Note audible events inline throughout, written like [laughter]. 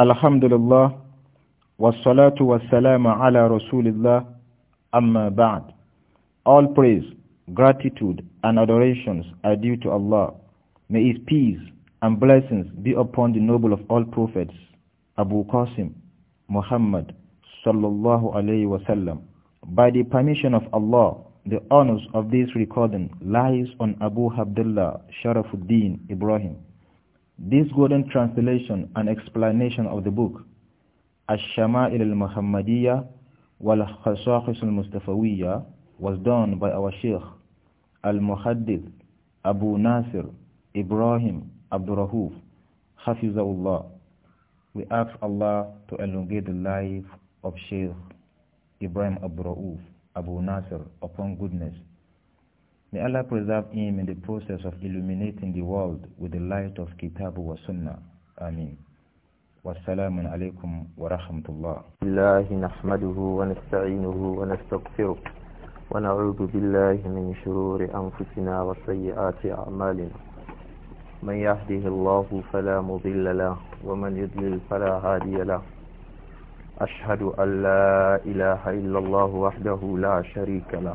Alhamdulillah, wassalatu wassalamu ala rasulillah, amma ba'd. All praise, gratitude, and adorations are due to Allah. May His peace and blessings be upon the noble of all prophets, Abu Qasim, Muhammad, sallallahu alayhi wasallam. By the permission of Allah, the honors of this recording lies on Abu Abdullah Sharafuddin Ibrahim. This golden translation and explanation of the book, Ash-Shama'il al-Muhammadiyya wal-Khasakhis al-Mustafawiyya, was done by our Sheikh, Al-Muhaddith, Abu Nasir, Ibrahim, Abdurrahuf, Hafizahullah. We ask Allah to elongate the life of Sheikh Ibrahim Abdurrahuf, Abu Nasir, upon goodness May Allah preserve him in the process of illuminating the world with the light of Kitab wa Sunnah. Ameen. والسلام عليكم ورحمة الله الله نحمده ونستعينه ونستغفره ونعوذ بالله من شرور أنفسنا وسيئات أعمالنا من يهده الله فلا مضل له ومن يضلل فلا هادي له أشهد أن لا إله إلا الله وحده لا شريك له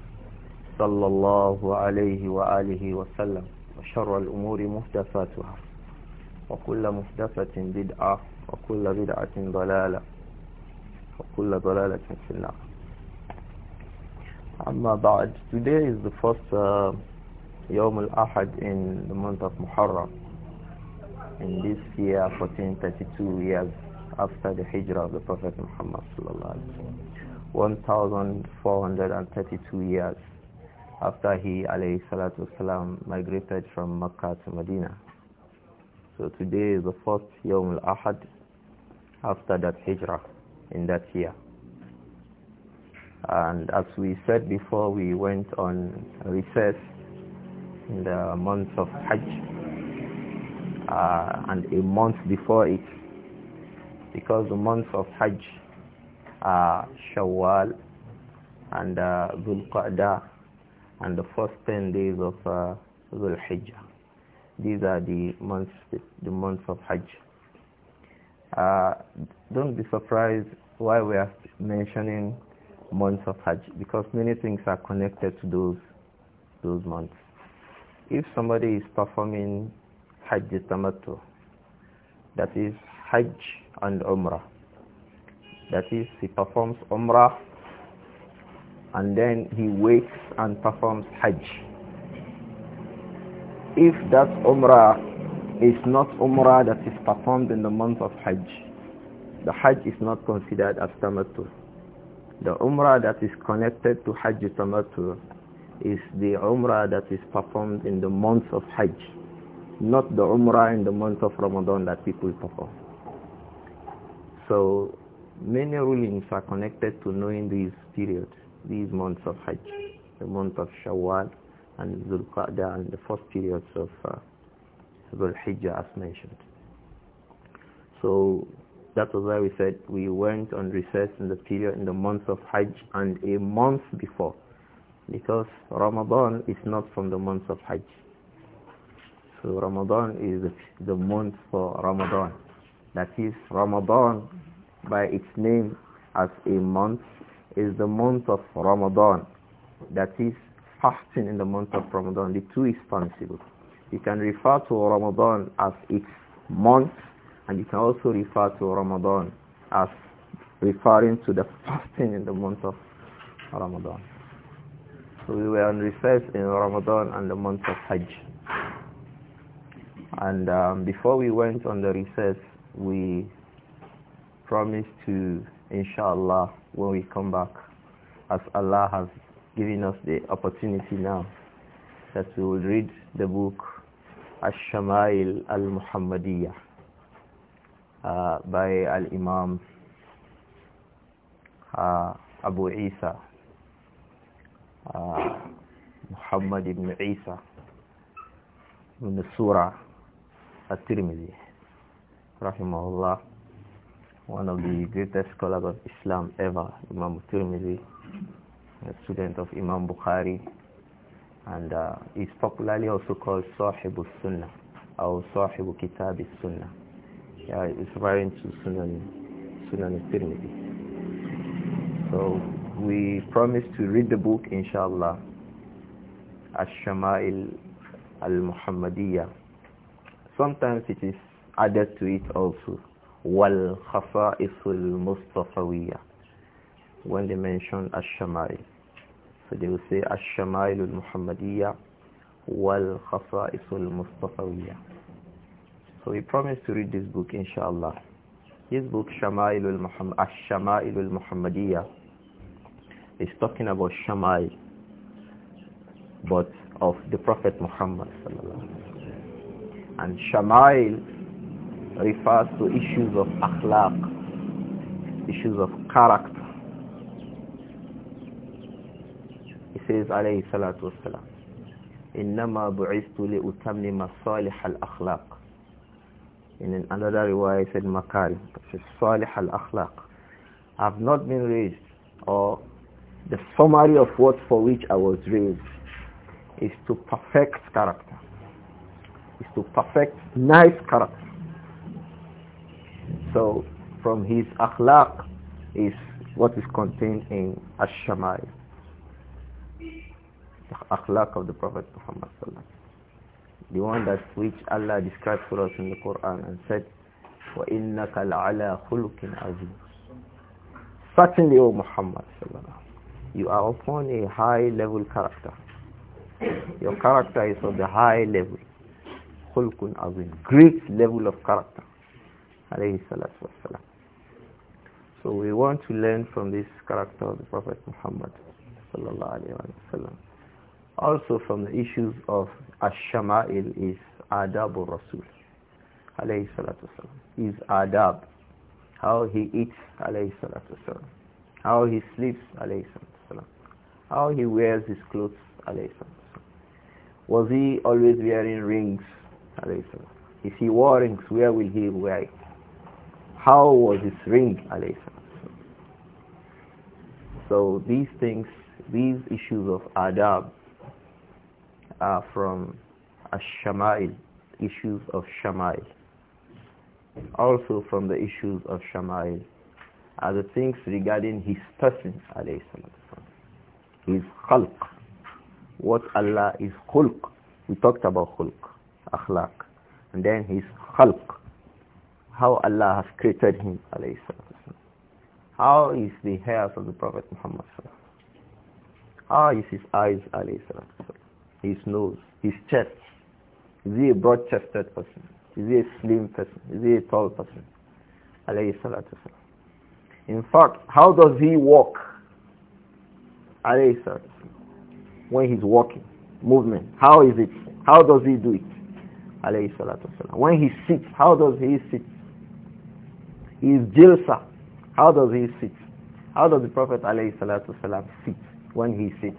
صلى الله عليه وآله وسلم وشر الأمور مهدفاتها وكل مهدفة بدعة وكل بدعة ضلالة وكل ضلالة في النار أما بعد today is the first uh, يوم الأحد in the month of Muharram in this year 1432 years after the hijrah of the Prophet Muhammad الله عليه وسلم 1432 years after he alayhi salatu wasalam migrated from Makkah to Medina. So today is the first Yawm al-Ahad after that hijrah in that year. And as we said before, we went on recess in the month of Hajj uh, and a month before it because the months of Hajj are uh, Shawwal and uh, Dhul Qa'dah and the first 10 days of uh, Dhul Hijjah. These are the months, the months of Hajj. Uh, don't be surprised why we are mentioning months of Hajj because many things are connected to those those months. If somebody is performing Hajj Tamattu, that is Hajj and Umrah, that is he performs Umrah and then he wakes and performs Hajj. If that Umrah is not Umrah that is performed in the month of Hajj, the Hajj is not considered as Tamattu. The Umrah that is connected to Hajj Tamattu is the Umrah that is performed in the month of Hajj, not the Umrah in the month of Ramadan that people perform. So many rulings are connected to knowing these periods these months of Hajj, the month of Shawwal and Dhul Qa'dah and the first periods of uh, Dhul Hijjah as mentioned. So that was why we said we went on recess in the period in the month of Hajj and a month before because Ramadan is not from the month of Hajj. So Ramadan is the month for Ramadan. That is Ramadan by its name as a month is the month of Ramadan. That is fasting in the month of Ramadan. The two is permissible. You can refer to Ramadan as its month and you can also refer to Ramadan as referring to the fasting in the month of Ramadan. So we were on recess in Ramadan and the month of Hajj. And um, before we went on the recess, we promised to inshallah when we come back as Allah has given us the opportunity now that we will read the book Ash-Shamail Al-Muhammadiyah uh, by Al-Imam uh, Abu Isa uh, Muhammad ibn Isa the Surah الترمذي tirmidhi Rahimahullah one of the greatest scholars of Islam ever, Imam Tirmidhi, a student of Imam Bukhari, and uh, popularly also called Sahib sunnah or Sahib Kitab sunnah Yeah, it's referring to Sunan, Sunan Tirmidhi. So we promise to read the book, inshallah, Ash-Shama'il al-Muhammadiyah. Sometimes it is added to it also والخصائص المصطفوية when they mention الشمائل so they will say الشمائل المحمدية والخصائص المصطفوية so we promise to read this book inshallah his book شمائل المحمد الشمائل المحمدية is talking about Shamail but of the Prophet Muhammad and Shamail refers to issues of akhlaq, issues of character. He says, alayhi salatu buistu li بُعِثْتُ masalih al akhlaq In another riwayah, he said, مَكَارِمْ al الْأَخْلَاقِ I've not been raised, or the summary of what for which I was raised is to perfect character, is to perfect nice character so from his akhlaq is what is contained in Ash-Shama'il. The akhlaq of the Prophet Muhammad the one that which Allah described for us in the Quran and said, وَإِنَّكَ لَعَلَى خُلُقٍ عَزِيمٍ Certainly, O Muhammad you are upon a high level character. Your character is of the high level. خُلْقٌ عَظِيمٌ Great level of character alayhi salatu wasalam. So we want to learn from this character of the Prophet Muhammad sallallahu alayhi wasallam. Also from the issues of ash-shama'il is adab rasul alayhi salatu wasalam. Is adab, how he eats alayhi salatu wasalam, how he sleeps alayhi salatu wasalam, how he wears his clothes alayhi salatu wasalam. Was he always wearing rings alayhi salatu If he wore rings, where will he wear it? How was his ring, alayhi So these things, these issues of adab are from ash-shama'il, issues of shama'il. Also from the issues of shama'il are the things regarding his person, alayhi His khalq, what Allah is khulq. We talked about khulq, akhlaq. And then his khalq, how Allah has created him How is the hair of the Prophet Muhammad How is his eyes His nose, his chest. Is he a broad-chested person? Is he a slim person? Is he a tall person? In fact, how does he walk? When he's walking, movement, how is it? How does he do it? When he sits, how does he sit? is jilsa. How does he sit? How does the Prophet salam sit when he sits?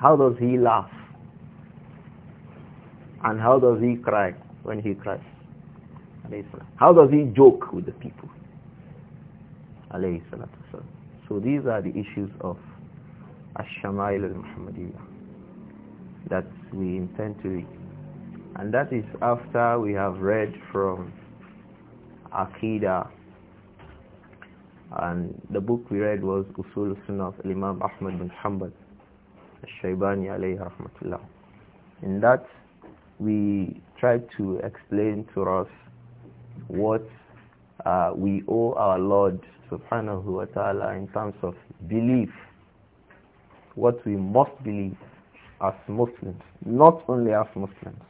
How does he laugh? And how does he cry when he cries? How does he joke with the people? So these are the issues of Ash-Shamail al-Muhammadiyya that we intend to read. And that is after we have read from Aqidah and the book we read was Usul Sunnah of Imam Ahmad bin Hanbal Shaybani alayhi rahmatullah in that we tried to explain to us what uh, we owe our Lord subhanahu wa ta'ala in terms of belief what we must believe as Muslims not only as Muslims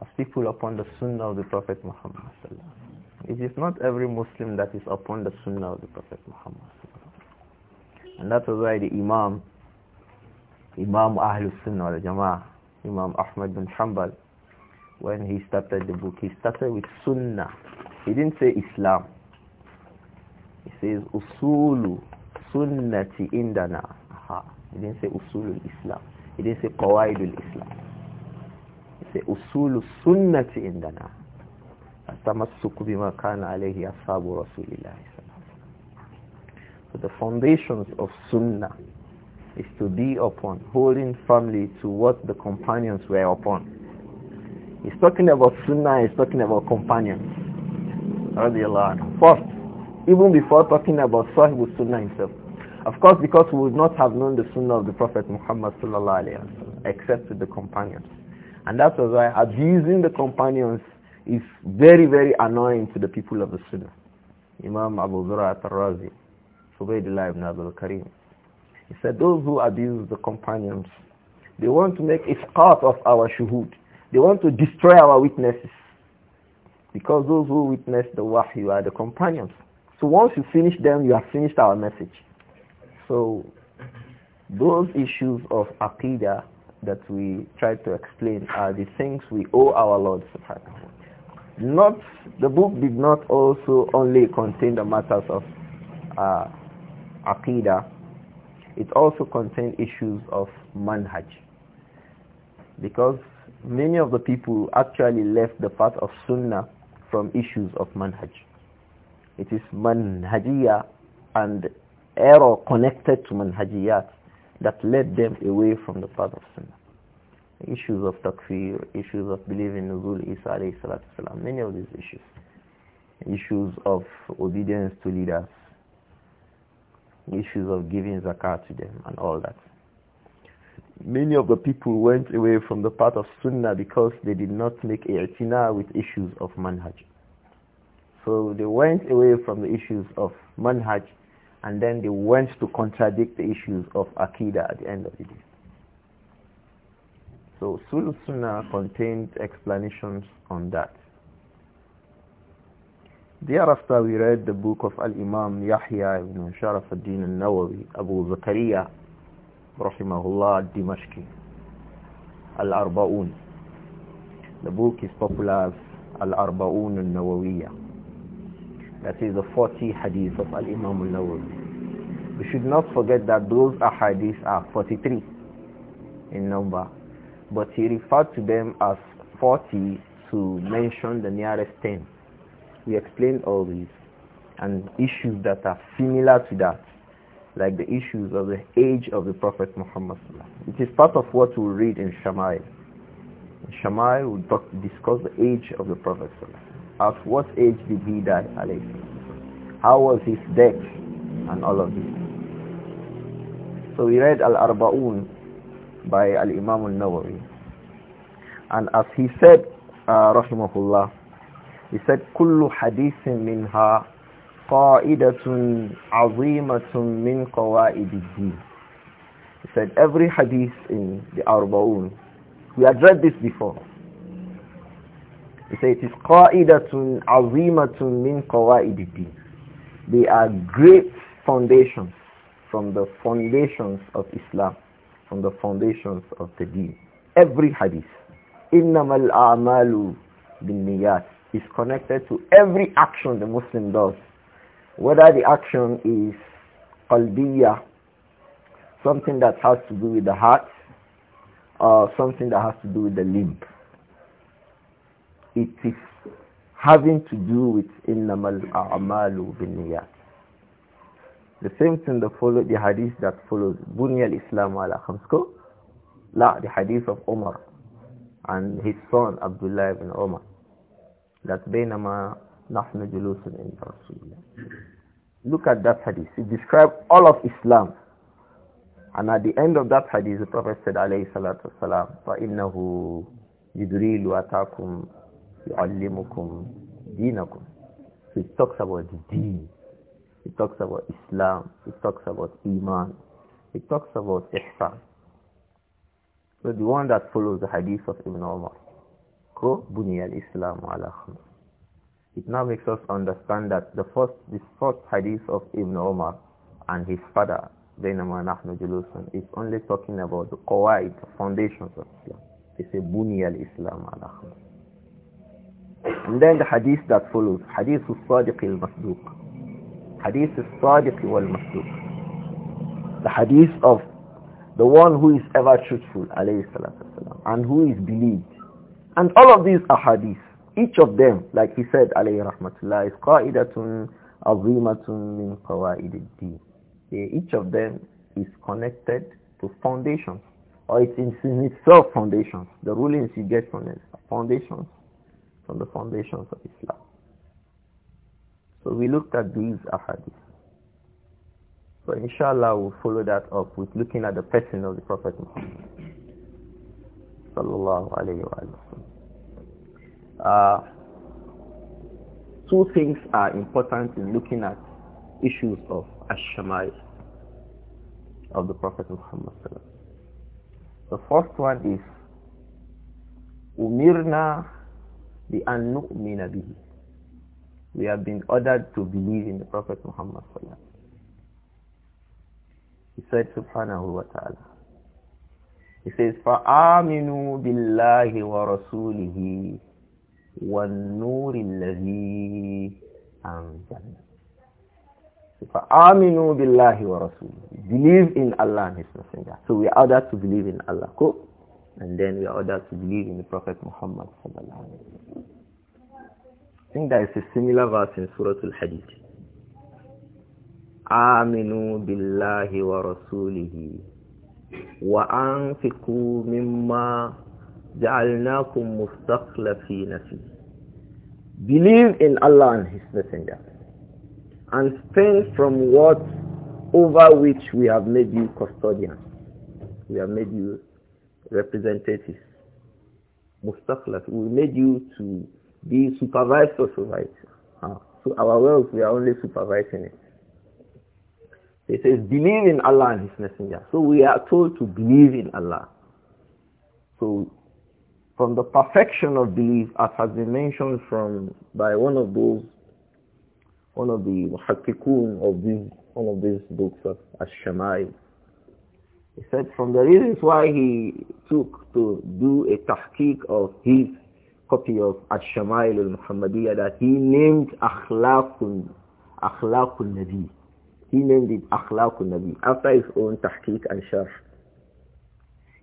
as people upon the Sunnah of the Prophet Muhammad sallallahu it is not every Muslim that is upon the Sunnah of the Prophet Muhammad. And that was why the Imam, Imam Ahlul Sunnah wal Jama'ah, Imam Ahmad bin Hanbal, when he started the book, he started with Sunnah. He didn't say Islam. He says Usulu Sunnati Indana. Aha. He didn't say Usulul Islam. He didn't say Qawaidul Islam. He said Usulu Sunnati Indana. So the foundations of Sunnah is to be upon, holding firmly to what the companions were upon. He's talking about Sunnah, he's talking about companions. First, even before talking about Sahib Sunnah himself. Of course, because we would not have known the Sunnah of the Prophet Muhammad except with the companions. And that was why abusing the companions is very, very annoying to the people of the Sunnah. Imam Abu Zura al-Razi, Subaydullah ibn Abdul Karim. He said, those who abuse the companions, they want to make part of our shuhud. They want to destroy our witnesses. Because those who witness the wahyu are the companions. So once you finish them, you have finished our message. So those issues of aqidah that we try to explain are the things we owe our Lord subhanahu not the book did not also only contain the matters of uh, aqidah. It also contained issues of manhaj, because many of the people actually left the path of sunnah from issues of manhaj. It is manhajiyah and error connected to manhajiyat that led them away from the path of sunnah issues of takfir, issues of believing Nuzul Isa alayhi salatu salam, many of these issues. Issues of obedience to leaders, issues of giving zakat to them and all that. Many of the people went away from the path of sunnah because they did not make i'tina with issues of manhaj. So they went away from the issues of manhaj and then they went to contradict the issues of akida at the end of the day. So Usul Sunnah contained explanations on that. Thereafter we read the book of Al-Imam Yahya ibn Sharaf al-Din al-Nawawi, Abu Zakaria, rahimahullah al dimashki Al-Arba'un. The book is popular as Al-Arba'un al-Nawawiyya. That is the 40 hadith of Al-Imam al-Nawawi. We should not forget that those ahadith are 43 in number but he referred to them as 40 to mention the nearest 10. We explained all these and issues that are similar to that, like the issues of the age of the Prophet Muhammad. It is part of what we read in Shama'il. In Shama'il will talk, discuss the age of the Prophet. At what age did he die, Alex? How was his death and all of this? So we read Al-Arba'un by Al-Imam al-Nawawi. And as he said, uh, rahimahullah, he said, كل حديث منها قاعدة عظيمة من قواعد الدين. He said, every hadith in the Arba'un, we had read this before. He said, it قاعدة عظيمة من قواعد الدين. They are great foundations from the foundations of Islam from the foundations of the deen. Every hadith, al-amalu bin niyat is connected to every action the Muslim does. Whether the action is qalbiyah, something that has to do with the heart, or something that has to do with the limb. It is having to do with innamal a'malu bil-niyat. The same thing that followed the hadith that follows. Bunyal Islam ala khamsko. La, the hadith of Omar and his son Abdullah ibn Omar. That بينما نحن جلوس عند رسول Look at that hadith. It describes all of Islam. And at the end of that hadith, the Prophet said, alayhi salatu wasalam, فَإِنَّهُ جِبْرِيلُ أَتَاكُمْ يُعَلِّمُكُمْ دِينَكُمْ So it talks about the deen. It talks about Islam. It talks about Iman. It talks about Ihsan. So the one that follows the hadith of Ibn Umar. Ko al-Islam ala It now makes us understand that the first, this first hadith of Ibn Umar and his father, Bainama Nahnu Julusun, is only talking about the qawaid, the foundations of Islam. They say bunya al-Islam ala And then the hadith that follows, hadith al-Sadiq al-Masduq. Hadith is sadiq wal masduq. The hadith of the one who is ever truthful, alayhi salatu wasalam, and who is believed. And all of these are hadith. Each of them, like he said, alayhi rahmatullah, is qa'idatun azimatun min qawaid Each of them is connected to foundations, or it's in, itself foundations. The rulings you get from it foundations, from the foundations of Islam. So we looked at these ahadith. So inshallah we'll follow that up with looking at the person of the Prophet Muhammad. Sallallahu alayhi wa uh, Two things are important in looking at issues of Ash-Shamai of the Prophet Muhammad. The first one is Umirna bi annu nu'mina bihi we have been ordered to believe in the Prophet Muhammad sallallahu He said, subhanahu wa ta'ala. He says, فَآمِنُوا بِاللَّهِ وَرَسُولِهِ وَالنُّورِ الَّذِي أَنْزَلْنَا فَآمِنُوا بِاللَّهِ وَرَسُولِهِ Believe in Allah and His Messenger. So we are ordered to believe in Allah. Cool? And then we are ordered to believe in the Prophet Muhammad sallallahu alayhi wa I think there is a similar verse in Surah Al-Hadid. wa بالله ورسوله وأنفقوا مما جعلناكم مستخلفين فيه Believe in Allah and His Messenger and spend from what over which we have made you custodian. We have made you representatives. Mustakhlaf, we made you to be supervised or supervised. Uh, so our wealth, we are only supervising it. It says, believe in Allah and His Messenger. So we are told to believe in Allah. So from the perfection of belief, as has been mentioned from by one of those, one of the muhakkikun of these, one of these books of Ash-Shamai, he said from the reasons why he took to do a tahqiq of his copy of Ash-Shama'il al-Muhammadiyya that he named Akhlaqun, Akhlaqun Nabi. He named it Akhlaqun Nabi after his own tahqiq and sharh.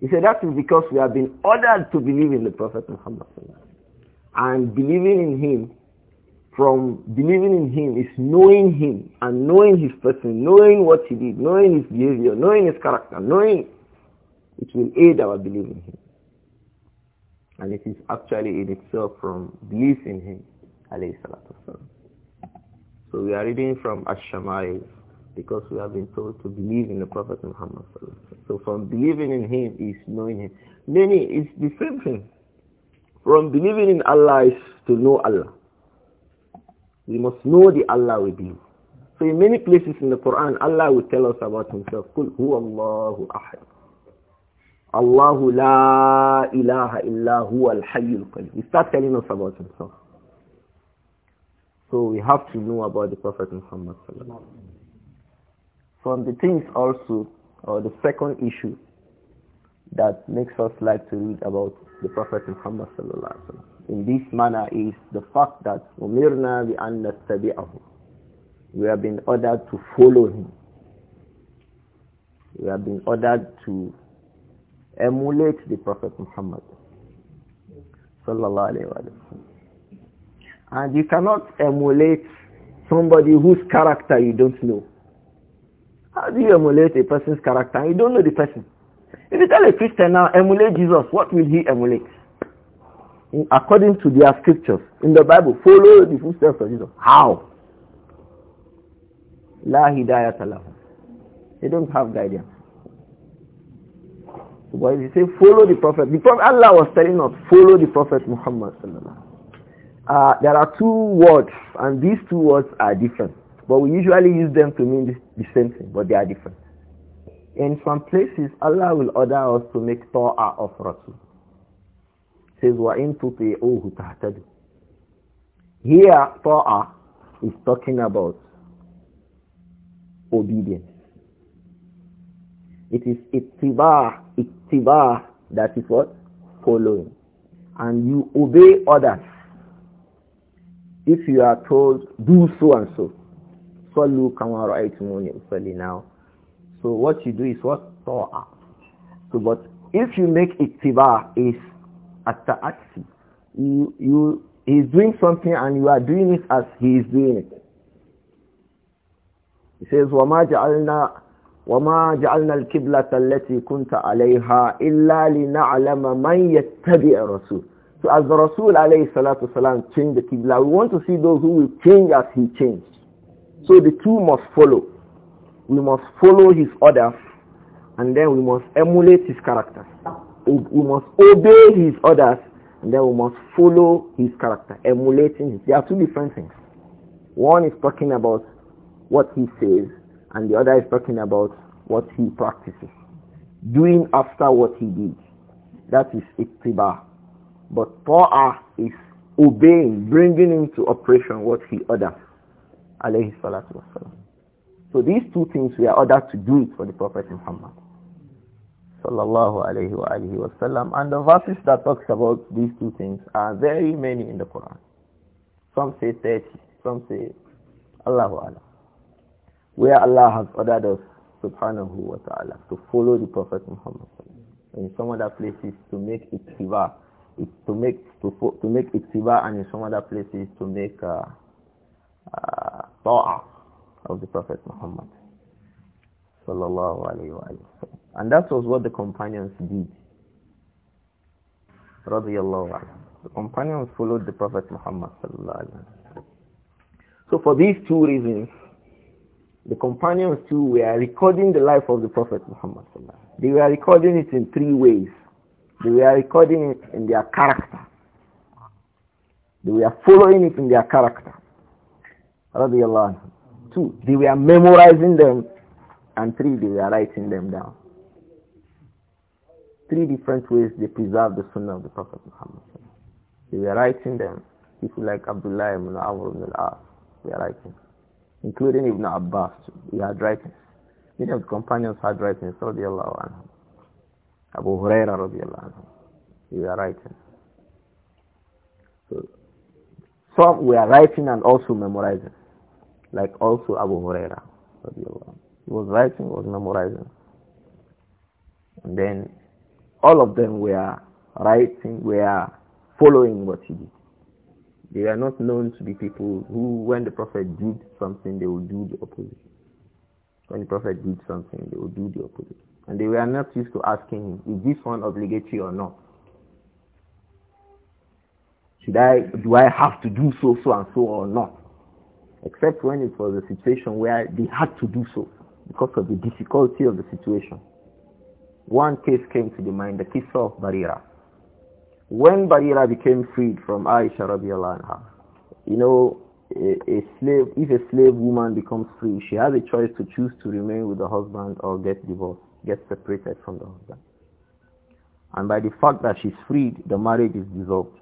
He said that is because we have been ordered to believe in the Prophet Muhammad and believing in him from believing in him is knowing him and knowing his person, knowing what he did, knowing his behavior, knowing his character, knowing it will aid our belief in him. And it is actually in itself from belief in him, So we are reading from ash because we have been told to believe in the Prophet Muhammad So from believing in him is knowing him. Many, it's the same thing. From believing in Allah is to know Allah. We must know the Allah we believe. So in many places in the Quran, Allah will tell us about himself. "Kul hu Allahu Ahad." Allahu la ilaha illa huwa al-hayyul qayyum. He starts telling us about himself. So we have to know about the Prophet Muhammad From the things also, or the second issue that makes us like to read about the Prophet Muhammad in this manner is the fact that umirna bi an nastabi'ahu. We have been ordered to follow him. We have been ordered to emulate the Prophet Muhammad. And you cannot emulate somebody whose character you don't know. How do you emulate a person's character? You don't know the person. If you tell a Christian now, emulate Jesus, what will he emulate? In, according to their scriptures in the Bible, follow the footsteps of Jesus. How? La hidayat They don't have guidance. Why did he say follow the Prophet? Because Allah was telling us, follow the Prophet Muhammad. Uh, there are two words, and these two words are different. But we usually use them to mean the, same thing, but they are different. In some places, Allah will order us to make ta'a of Rasul. He says, وَإِن تُطِعُوهُ Here, ta'a is talking about obedience. It is ittiba' ittiba, that is what? Following. And you obey others. If you are told, do so and so. Sallu kama ra'aytumuni usalli now. So what you do is what? Ta'a. So but if you make ittiba is at action, You, you, he is doing something and you are doing it as he is doing it. He says, وَمَا جَعَلْنَا وما جعلنا الكبلة التي كنت عليها إلا لنعلم من يتبع الرسول So as the Rasul alayhi salatu salam changed the Qibla, we want to see those who will change as he changed. So the two must follow. We must follow his orders and then we must emulate his character. We must obey his orders and then we must follow his character, emulating him. There are two different things. One is talking about what he says and the other is talking about what he practices. Doing after what he did. That is ittiba. But ta'ah is obeying, bringing into operation what he orders. So these two things we are ordered to do it for the Prophet Muhammad. Sallallahu alayhi wa alihi wasallam. And the verses that talks about these two things are very many in the Quran. Some say 30, some say Allahu Allah where Allah has ordered us, subhanahu wa ta'ala, to follow the Prophet Muhammad. In some other places to make it to make to to make it and in some other places to make uh, uh of the Prophet Muhammad, sallallahu alaihi wasallam. And that was what the companions did. Radiallahu The companions followed the Prophet Muhammad sallallahu alaihi wasallam. So for these two reasons, the companions too were recording the life of the Prophet Muhammad. They were recording it in three ways. They were recording it in their character. They were following it in their character. Two, they were memorizing them. And three, they were writing them down. Three different ways they preserved the Sunnah of the Prophet Muhammad. They were writing them. People like Abdullah ibn Amr ibn al-As, they were writing including Ibn Abbas. He had writings. Many of the companions had writings, radiallahu anhu. Abu Huraira, radiallahu anhu. He were writing. So, some were writing and also memorizing, like also Abu Huraira, radiallahu anhu. He was writing, was memorizing. And then all of them were writing, were following what he did. They are not known to be people who, when the Prophet did something, they would do the opposite. When the Prophet did something, they would do the opposite. And they were not used to asking him, is this one obligatory or not? Should I, do I have to do so, so and so or not? Except when it was a situation where they had to do so because of the difficulty of the situation. One case came to the mind, the case of Barira. When Barira became freed from Aisha radiallahu anha, you know, a, a slave, if a slave woman becomes free, she has a choice to choose to remain with the husband or get divorced, get separated from the husband. And by the fact that she's freed, the marriage is dissolved.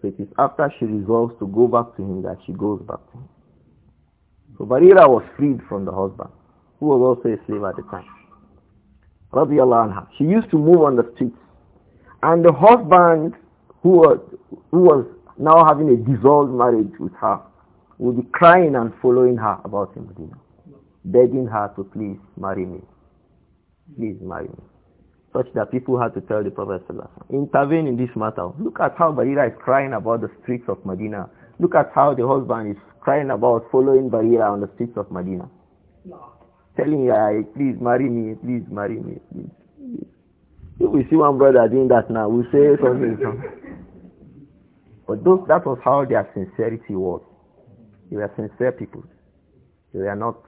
So it is after she resolves to go back to him that she goes back to him. So Barira was freed from the husband, who was also a slave at the time. Anha. She used to move on the streets and the husband who was, who was now having a dissolved marriage with her would be crying and following her about him, begging her to please marry me. Please marry me. Such that people had to tell the Prophet intervene in this matter. Look at how Barira is crying about the streets of Medina. Look at how the husband is crying about following Barira on the streets of Medina. No. Telling her, please marry me, please marry me, please. please. If we see one brother doing that now, we say [laughs] something. but those, that was how their sincerity was. They were sincere people. They were not.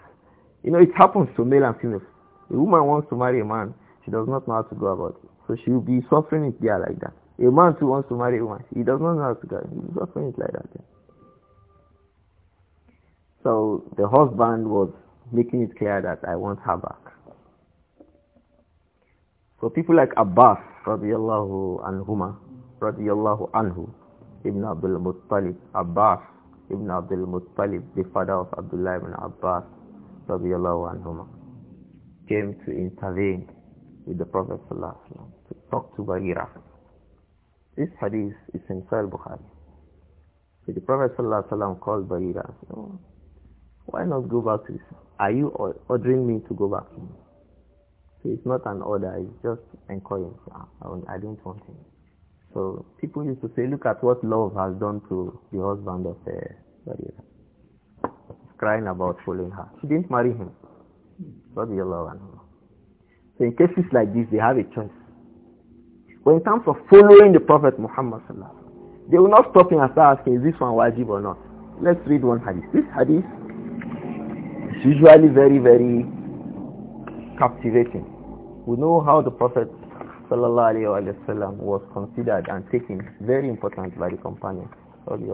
You know, it happens to male and female. A woman wants to marry a man. She does not know how to go about it. So she will be suffering it there like that. A man who wants to marry a woman. He does not know how to go. He will be suffering it like that. So the husband was making it clear that I want her back. So people like Abbas, radiyallahu anhuma, radiyallahu anhu, Ibn Abdul Muttalib, Abbas, Ibn Abdul Muttalib, the father of Abdullah ibn Abbas, radiyallahu anhuma, came to intervene with the Prophet sallallahu to talk to Bagheera. This hadith is in Sahih Bukhari. So the Prophet sallallahu called Bagheera and said, oh, why not go back to this? Are you ordering me to go back? So it's not an order, it's just encouragement. Ah, I, I don't want him. So people used to say, look at what love has done to the husband of eh, the He's Crying about following her. She didn't marry him. So in cases like this, they have a choice. But in terms of following the Prophet Muhammad they will not stop him and start asking, is this one wajib or not? Let's read one hadith. This hadith is usually very, very captivating. We know how the Prophet وسلم, was considered and taken very important by the companions. It's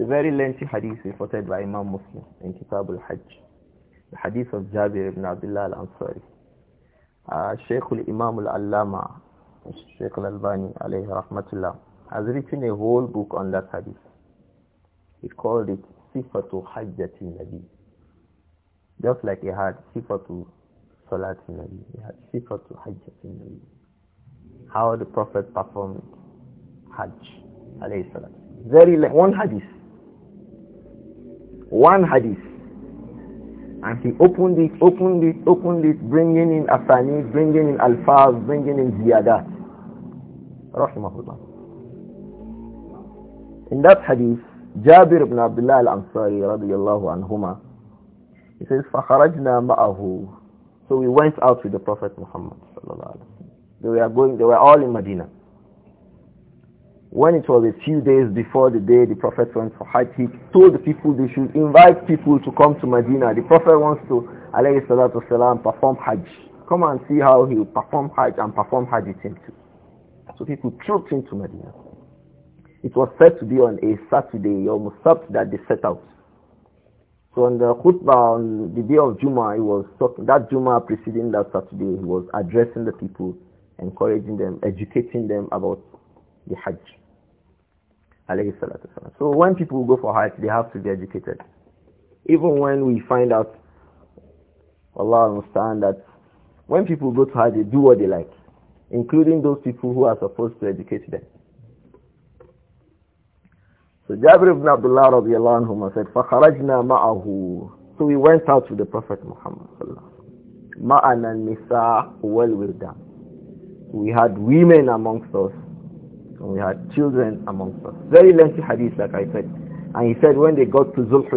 a very lengthy hadith reported by Imam Muslim in Kitab al-Hajj. The hadith of Jabir ibn Abdullah al-Ansari. Uh, Sheikh al-Imam al-Allama, Sheikh al-Albani alayhi rahmatullah, has written a whole book on that hadith. He called it Sifatu Hajjati Nabi just like he had sifatu salatin nabi, he had sifatu hajjatin nabi. How the Prophet performed hajj, alayhi salam. Very like one hadith. One hadith. And he opened it, opened it, opened it, bringing in asani, bringing in alfaz, bringing in ziyadat. Rahimahullah. In that hadith, Jabir ibn Abdullah al-Ansari radiyallahu anhumah he says, فَخَرَجْنَا مَعَهُ So we went out with the Prophet Muhammad They were going, they were all in Medina. When it was a few days before the day the Prophet went for Hajj, he told the people they should invite people to come to Medina. The Prophet wants to, alayhi salatu salam, perform Hajj. Come and see how he will perform Hajj and perform Hajj with too. So people trooped into Medina. It was said to be on a Saturday, almost Sabt, that they set out. So on the khutbah on the day of Juma, he was talking, that Juma preceding that Saturday, he was addressing the people, encouraging them, educating them about the Hajj. So when people go for Hajj, they have to be educated. Even when we find out, Allah understand that when people go to Hajj, they do what they like, including those people who are supposed to educate them. So Jabir ibn Abdullah radiallahu anhu said, فَخَرَجْنَا مَعَهُ So we went out with the Prophet Muhammad مَعَنَا النِّسَاءُ وَالْوِلْدَانِ We had women amongst us and we had children amongst us. Very lengthy hadith like I said. And he said when they got to Zul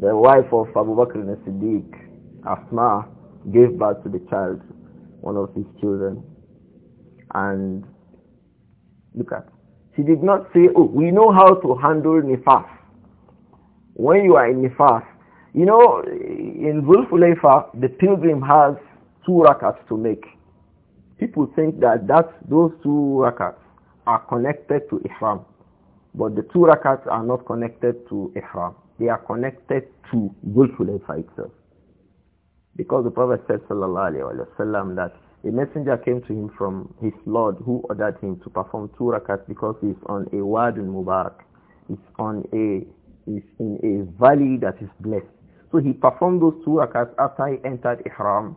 the wife of Abu Bakr al siddiq Asma, gave birth to the child, one of his children. And look at he did not say, oh, we know how to handle nifas. When you are in nifas, you know, in Zulfulayfa, the pilgrim has two rakats to make. People think that that's, those two rakats are connected to Ihram. But the two rakats are not connected to Ihram. They are connected to Zulfulayfa itself. Because the Prophet said, sallallahu alayhi wa sallam, that a messenger came to him from his Lord who ordered him to perform two rakats because he is on a in mubarak. It's on a, is in a valley that is blessed. So he performed those two rakats after he entered Ihram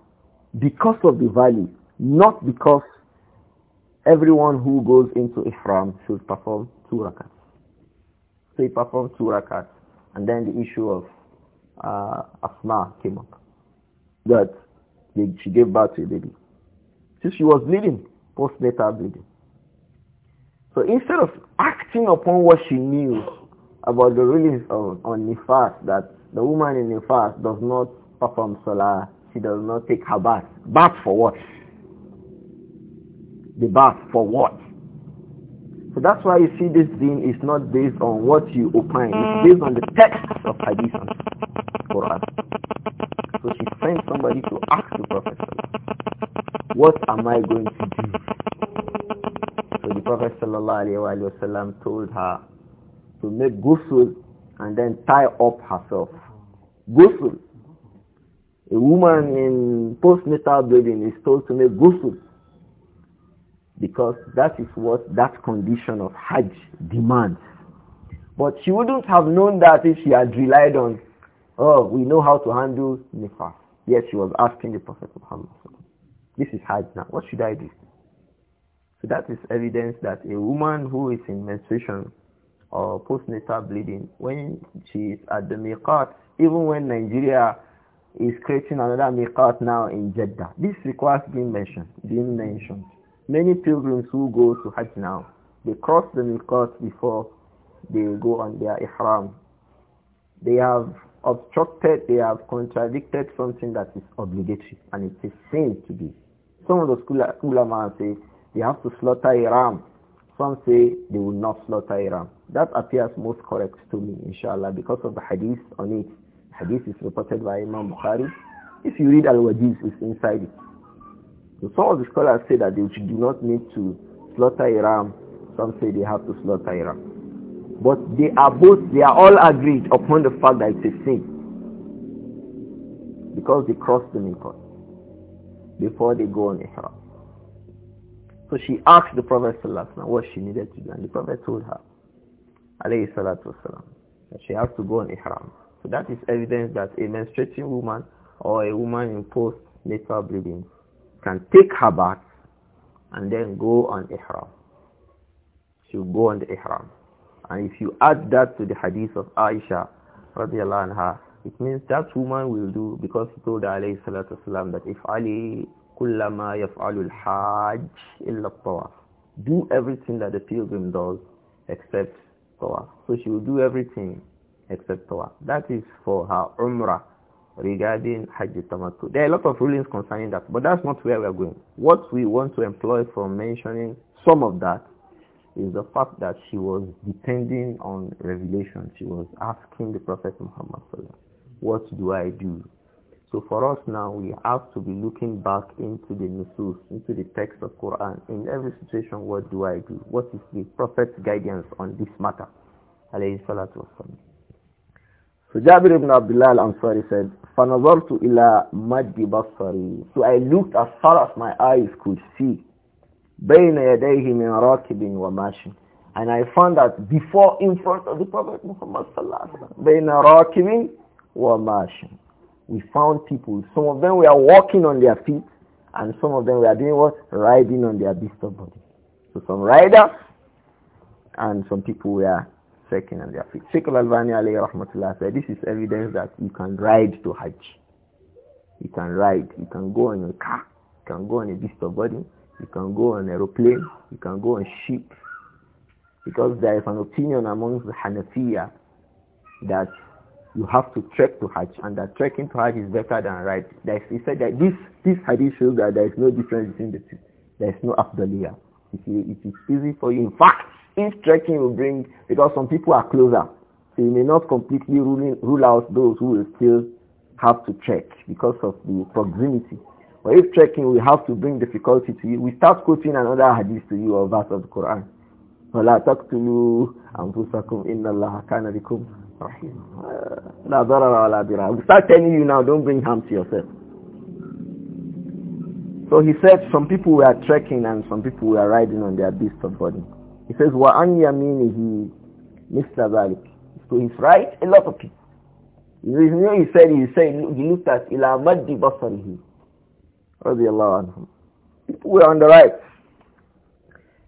because of the valley, not because everyone who goes into Ihram should perform two rakats. So he performed two rakats and then the issue of uh, Asma came up. That they, she gave birth to a baby. Since she was bleeding, postnatal bleeding. So instead of acting upon what she knew about the rulings on, on Nifas, that the woman in Nifas does not perform Salah, she does not take her bath. Bath for what? The bath for what? So that's why you see this deen is not based on what you opine. It's mm. based on the text of hadith and us. So she sent somebody to ask the Prophet, what am I going to do? So the Prophet wasallam told her to make ghusl and then tie up herself. Ghusl. A woman in postnatal bleeding is told to make ghusl because that is what that condition of Hajj demands. But she wouldn't have known that if she had relied on, oh, we know how to handle nifas. Yes, she was asking the Prophet Muhammad. This is Hajj now. What should I do? So that is evidence that a woman who is in menstruation or postnatal bleeding, when she is at the miqat, even when Nigeria is creating another miqat now in Jeddah, this requires being mentioned, being mentioned. Many pilgrims who go to Hajj now, they cross the Miqat before they go on their Ihram. They have obstructed, they have contradicted something that is obligatory and it is sin to do. Some of the school, ulama say they have to slaughter a ram. Some say they will not slaughter a ram. That appears most correct to me, inshallah, because of the hadith on it. hadith is reported by Imam Bukhari. If you read Al-Wajiz, it's inside it. So some of the scholars say that they do not need to slaughter a ram. Some say they have to slaughter a ram. But they are both, they are all agreed upon the fact that it's a sin. Because they cross the Mikot before they go on Ihram. So she asked the Prophet ﷺ what she needed to do. And the Prophet told her, alayhi salatu wasalam, that she has to go on Ihram. So that is evidence that a menstruating woman or a woman in post-natal bleeding can take her bath and then go on ihram. She'll go on the ihram. And if you add that to the hadith of Aisha anha, it means that woman will do because he told Ali, salatu that if Ali kullama yaf'alul hajj illa tawaf. Do everything that the pilgrim does except tawaf. So she will do everything except tawaf. That is for her umrah regarding Hajj Tamattu. There are a lot of rulings concerning that, but that's not where we are going. What we want to employ from mentioning some of that is the fact that she was depending on revelation. She was asking the Prophet Muhammad, what do I do? So for us now, we have to be looking back into the nusus, into the text of Quran. In every situation, what do I do? What is the Prophet's guidance on this matter? So Jabir ibn Abdullah al-Ansari said, فَنَظَرْتُ إِلَى مَدِّ بَصَّرِي So I looked as far as my eyes could see. بَيْنَ يَدَيْهِ مِنْ رَاكِبٍ وَمَاشٍ And I found that before in front of the Prophet Muhammad sallallahu alaihi wasallam, بَيْنَ رَاكِبٍ وَمَاشٍ We found people. Some of them were walking on their feet and some of them were doing what? Riding on their beast of body. So some riders and some people were trekking and their feet. Sheikh Al-Albani alayhi rahmatullah said, this is evidence that you can ride to Hajj. You can ride, you can go on a car, you can go on a beast of burden, you can go on aeroplane, you can go on ship. Because there is an opinion amongst the Hanafiya that you have to trek to Hajj, and that trekking to Hajj is better than ride. Is, he said that this, this hadith shows that there is no difference between the two. There is no afdaliyah. it is easy for you. In fact, Instretching will bring, because some people are closer, so you may not completely rule, rule out those who will still have to check because of the proximity. But if checking, we have to bring difficulty to you. We start quoting another hadith to you or verse of the Quran. ولا i talk to you كان بكم رحيما لا ضرر ولا ضرار we start telling you now don't bring harm to yourself so he said some people were trekking and some people were riding on their beasts of burden he says, وَأَنْ يَمِينِهِ مِثْلَ ذَلِكِ To his right, a lot of people. You know, he said, he said, he looked at إِلَى مَدِّ بَصَرِهِ رضي الله People were on the right.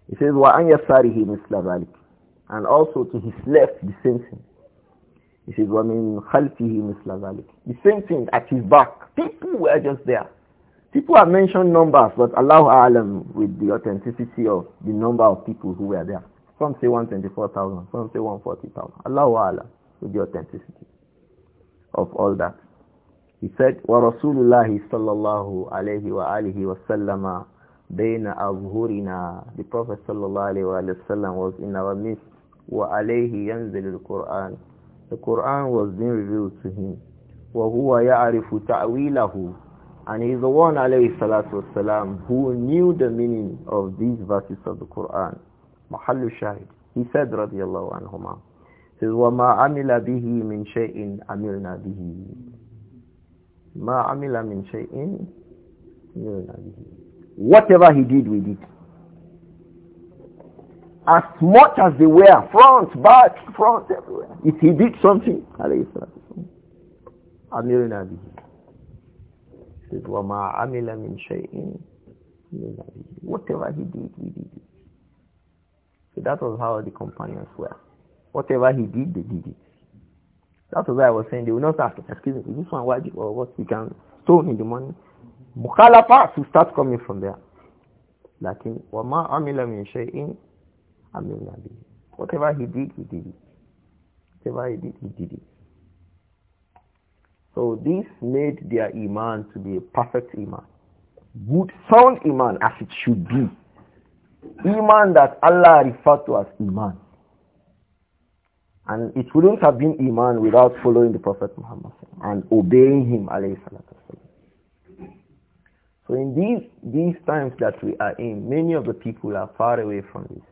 He says, وَأَنْ يَسَارِهِ مِثْلَ ذَلِكِ And also to his left, the same thing. He says, وَمِنْ خَلْفِهِ مِثْلَ ذَلِكِ The same thing at his back. People were just there. People have mentioned numbers, but allow Alam with the authenticity of the number of people who were there. Some say 124,000, some say 140,000. Allahu Alam with the authenticity of all that. He said, وَرَسُولُ اللَّهِ alayhi wa عَلَيْهِ وَآلِهِ وَسَلَّمَ بَيْنَ أَظْهُرِنَا The Prophet sallallahu alayhi wasallam was in our midst. وَعَلَيْهِ يَنزِلُ الْقُرْآنِ The Quran was being revealed to him. وَهُوَ يَعْرِفُ تَعْوِيلَهُ and he's the one, alayhi salatu wasalam, who knew the meaning of these verses of the Quran. Mahallu shahid. He said, radiallahu anhuma, says, وَمَا عَمِلَ بِهِ مِنْ شَيْءٍ عَمِلْنَا بِهِ مَا عَمِلَ مِنْ شَيْءٍ عَمِلْنَا بِهِ Whatever he did, we did. As much as they were, front, back, front, everywhere. If he did something, alayhi salatu wasalam, عَمِلْنَا بِهِ says, وَمَا عَمِلَ مِنْ شَيْءٍ Whatever he did, he did it. So that was how the companions were. Whatever he did, they did it. That was why I was saying they will not ask, excuse me, this one wajib or what we can stone in the morning. Mukhalafa to start coming from there. Like, وَمَا عَمِلَ مِنْ شَيْءٍ Whatever he did, he did it. Whatever he did, he did it. So this made their iman to be a perfect iman. Good, sound iman as it should be. Iman that Allah referred to as iman. And it wouldn't have been iman without following the Prophet Muhammad and obeying him So in these, these times that we are in, many of the people are far away from this.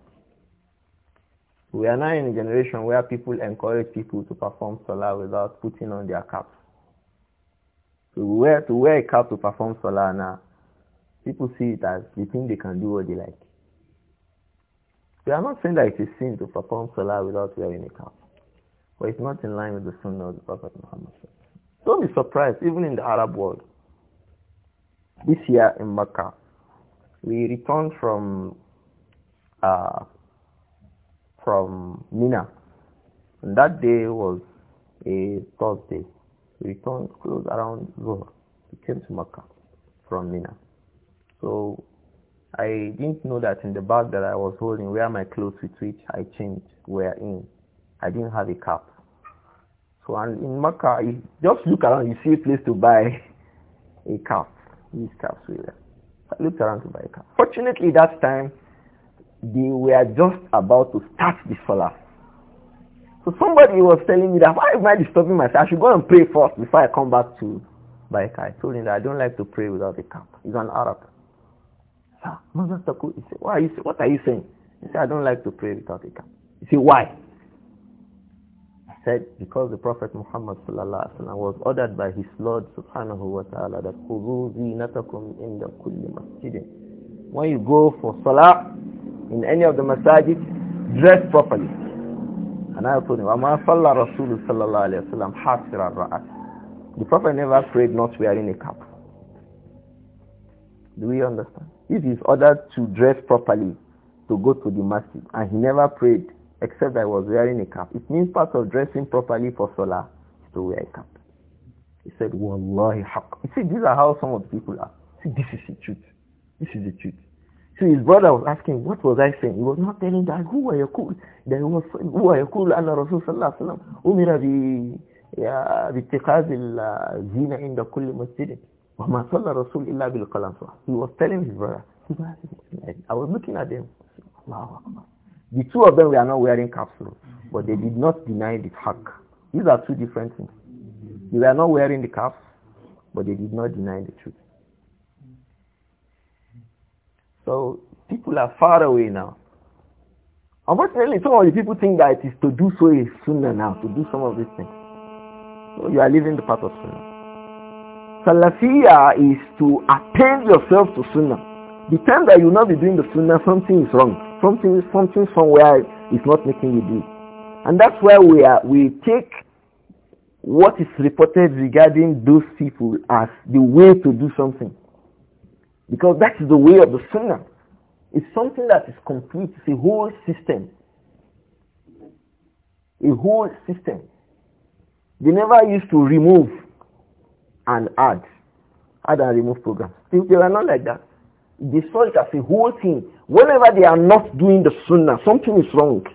We are now in a generation where people encourage people to perform salah without putting on their caps. To wear, to wear a cap to perform salah now, people see it as they think they can do what they like. We are not saying that it is sin to perform salah without wearing a cap. But it's not in line with the sunnah of the Prophet Muhammad. Don't be surprised, even in the Arab world. This year in Mecca, we returned from uh, from Mina. And that day was a Thursday returned close around Zuhr. We came to Makkah from Mina. So I didn't know that in the bag that I was holding where my clothes with which I changed were in. I didn't have a cap. So and in Makkah, you just look around, you see a place to buy a cap. These caps really. I looked around to buy a cap. Fortunately that time, they were just about to start the solar. So somebody was telling me that why am I disturbing myself? I should go and pray first before I come back to Baika. I told him that I don't like to pray without a cap. He's an Arab. Sir, ah, he said, why are you, what are you saying? He said, I don't like to pray without a cap. He said, why? I said, because the Prophet Muhammad was ordered by his Lord subhanahu wa ta'ala that in the kulli masjidin. When you go for salah in any of the masajid, dress properly. The Prophet never prayed not wearing a cap. Do we understand? If he's ordered to dress properly to go to the masjid and he never prayed except that he was wearing a cap, it means part of dressing properly for Salah is to wear a cap. He said, Wallahi haqq. You see, these are how some of the people are. See, this is the truth. This is the truth. So his brother was asking, what was I saying? He was not telling that, who are cool? That he was saying, who are Yaqul? Anna Rasul Sallallahu Alaihi Wasallam umira bi, باتخاذ الزينة عند كل مسجد وما صلى الرسول إلا بالقلم He was telling his brother, I was looking at them. The two of them were not wearing capsules, but they did not deny the haq. These are two different things. They were not wearing the caps, but they did not deny the truth. So people are far away now. Unfortunately, some of the people think that it is to do so is sunnah now, to do some of these things. So you are leaving the path of sunnah. Salafiyah is to attend yourself to sunnah. The time that you will not be doing the sunnah, something is wrong. Something, something somewhere is not making you do. And that's why we are, we take what is reported regarding those people as the way to do something. Because that is the way of the sunnah. It's something that is complete. It's a whole system. A whole system. They never used to remove and add. Add and remove programs. They, they are not like that. They saw it as a whole thing. Whenever they are not doing the sunnah, something is wrong.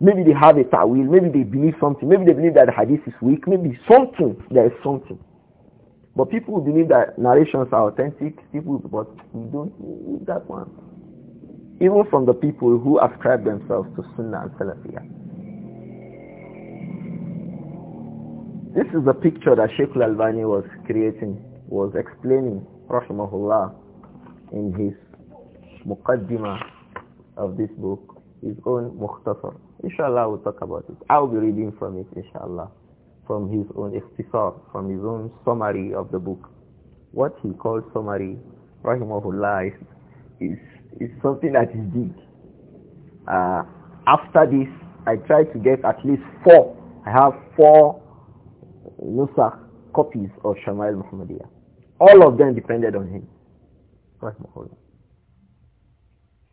Maybe they have a ta'wil. Maybe they believe something. Maybe they believe that the hadith is weak. Maybe something. There is something. But people believe that narrations are authentic. People, but we don't need that one. Even from the people who ascribe themselves to Sunnah and Salafiyah. This is the picture that Sheikh Al-Albani was creating, was explaining, rahimahullah, in his muqaddimah of this book, his own mukhtasar. Inshallah, we'll talk about it. I'll be reading from it, inshallah from his own ikhtisar, from his own summary of the book. What he calls summary, rahimahullah, is, is, something that he did. Uh, after this, I tried to get at least four. I have four Nusakh copies of Shamil Muhammadiyah. All of them depended on him. Rahimahullah.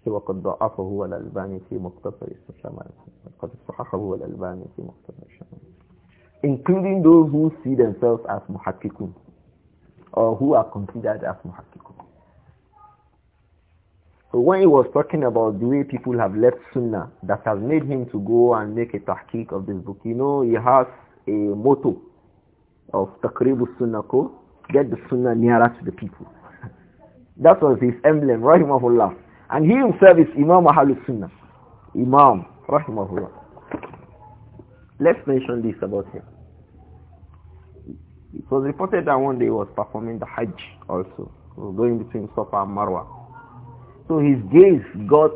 وقد ضعفه الألباني في مختصر الشمال وقد صححه الألباني في مختصر الشمال including those who see themselves as muhakkikun or who are considered as muhakkikun. So when he was talking about the way people have left sunnah that has made him to go and make a tahqiq of this book, you know, he has a motto of taqribu sunnah ko, get the sunnah nearer to the people. [laughs] that was his emblem, rahimahullah. And he himself is Imam Ahlul Sunnah, Imam, rahimahullah. Let's mention this about him. It was reported that one day he was performing the Hajj also, going between Safa and Marwa. So his gaze got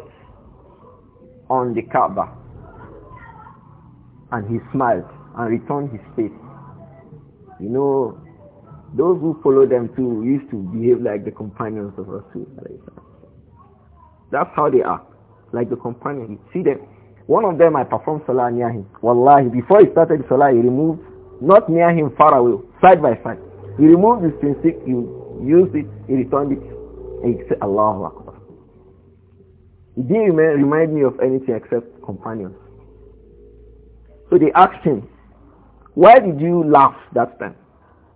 on the Kaaba and he smiled and returned his face. You know, those who follow them too used to behave like the companions of Rasul. That's how they are, like the companions. You see them, one of them I performed salah near him. Wallahi, before he started salah, he removed, not near him, far away, side by side. He removed his pin stick, he used it, he returned it, and he said, Allahu Akbar. He didn't remind me of anything except companions. So they asked him, why did you laugh that time?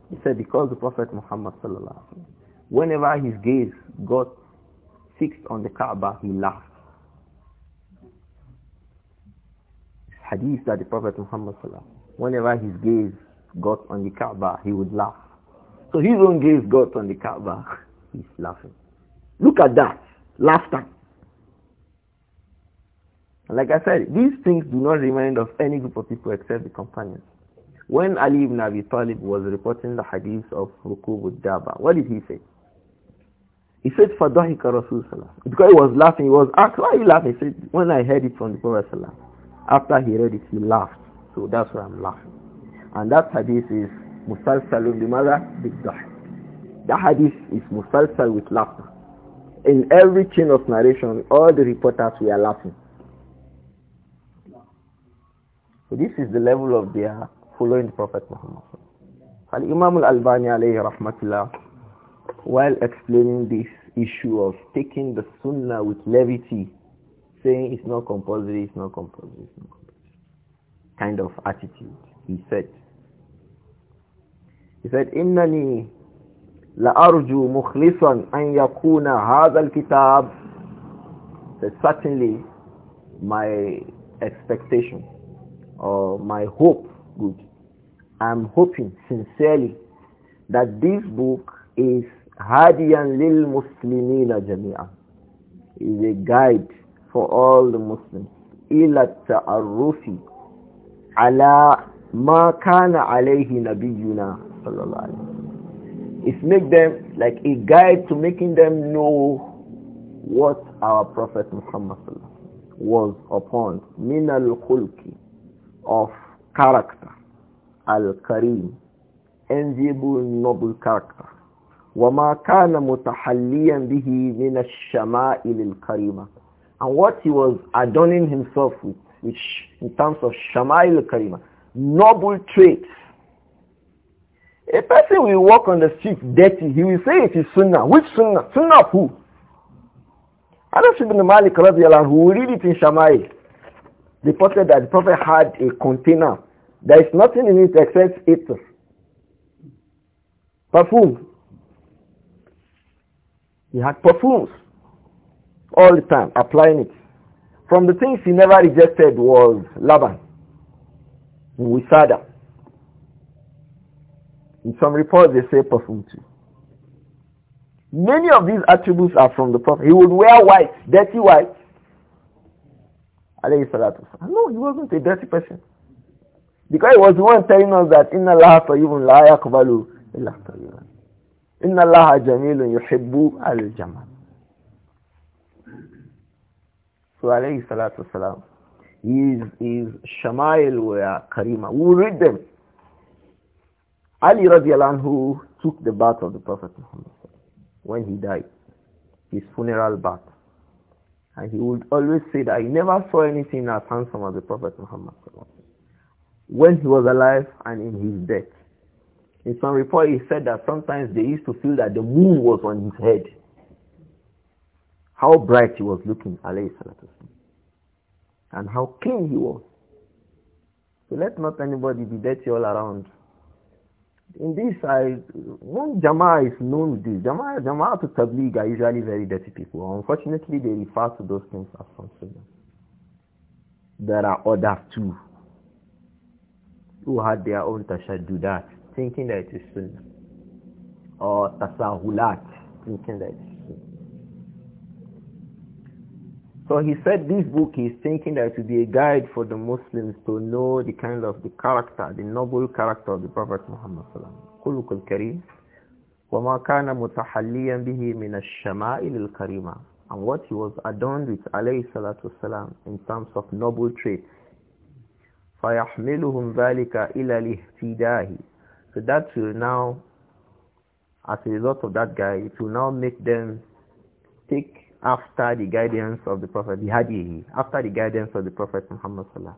He said, because the Prophet Muhammad sallallahu whenever his gaze got fixed on the Kaaba, he laughed. hadith that the Prophet Muhammad whenever his gaze got on the Kaaba, he would laugh. So his own gaze got on the Kaaba, [laughs] he's laughing. Look at that, laughter. Like I said, these things do not remind of any group of people except the companions. When Ali ibn Abi Talib was reporting the hadith of Rukub daba what did he say? He said, فَضَحِكَ رَسُولُ Because he was laughing, he was asked, why are you laughing? He said, when I heard it from the Prophet after he read it, he laughed. So that's why I'm laughing. And that hadith is musalsalun bimadha bidah. That hadith is musalsal with laughter. In every chain of narration, all the reporters were laughing. So this is the level of their following the Prophet Muhammad. imam al-Albani alayhi rahmatullah, while explaining this issue of taking the sunnah with levity saying it's not compulsory, it's not compulsory, it's not compulsory. Kind of attitude. He said. He said, إِنَّنِي لَأَرْجُو مُخْلِصًا أَنْ يَكُونَ al-kitab." That certainly my expectation or my hope, good. I'm hoping sincerely that this book is lil لِلْمُسْلِمِينَ jamia is a guide for all the Muslims إلى التعرف على ما كان عليه نبينا صلى الله عليه وسلم is make them like a guide to making them know what our Prophet Muhammad was upon. من الخلق of character. Al karim. Enviable noble character. وما كان متحليا به من الشمائل الكريمة and what he was adorning himself with, which in terms of Shamail Karima, noble traits. A person will walk on the street dirty, he will say it is Sunnah. Which Sunnah? Sunnah of who? Anas ibn Malik radiallahu who read it in Shamail, reported that the Prophet had a container. There is nothing in it except ether. Perfume. He had perfumes all the time, applying it. From the things he never rejected was Laban, Wisada. In some reports they say perfume too. Many of these attributes are from the Prophet. He would wear white, dirty white. No, he wasn't a dirty person. Because he was the one telling us that Inna Allah tayyibun la yaqbalu illa tayyiban. Inna Allah jamilun yuhibbu al-jamal. So alayhi salatu wasalam, his, his shamail were karima. We'll read them. Ali radiallahu anhu took the bath of the Prophet Muhammad when he died, his funeral bath. And he would always say that he never saw anything as handsome as the Prophet Muhammad when he was alive and in his death. In some report he said that sometimes they used to feel that the moon was on his head. How bright he was looking, alayhi salatu And how clean he was. So let not anybody be dirty all around. In this, I, when Jama'ah is known this, Jama'ah, Jama'ah to Tabligh are usually very dirty people. Unfortunately, they refer to those things as from There are others too who had their own tashadudat, thinking that it is sunnah, or tasahulat, thinking that it is So he said this book is thinking that it will be a guide for the Muslims to know the kind of the character, the noble character of the Prophet Muhammad خلق الكريم وما كان and what he was adorned with عليه salatu والسلام in terms of noble traits فيحملهم ذلك إلى so that will now as a result of that guy it will now make them take after the guidance of the Prophet, Hadith, after the guidance of the Prophet Muhammad صلى الله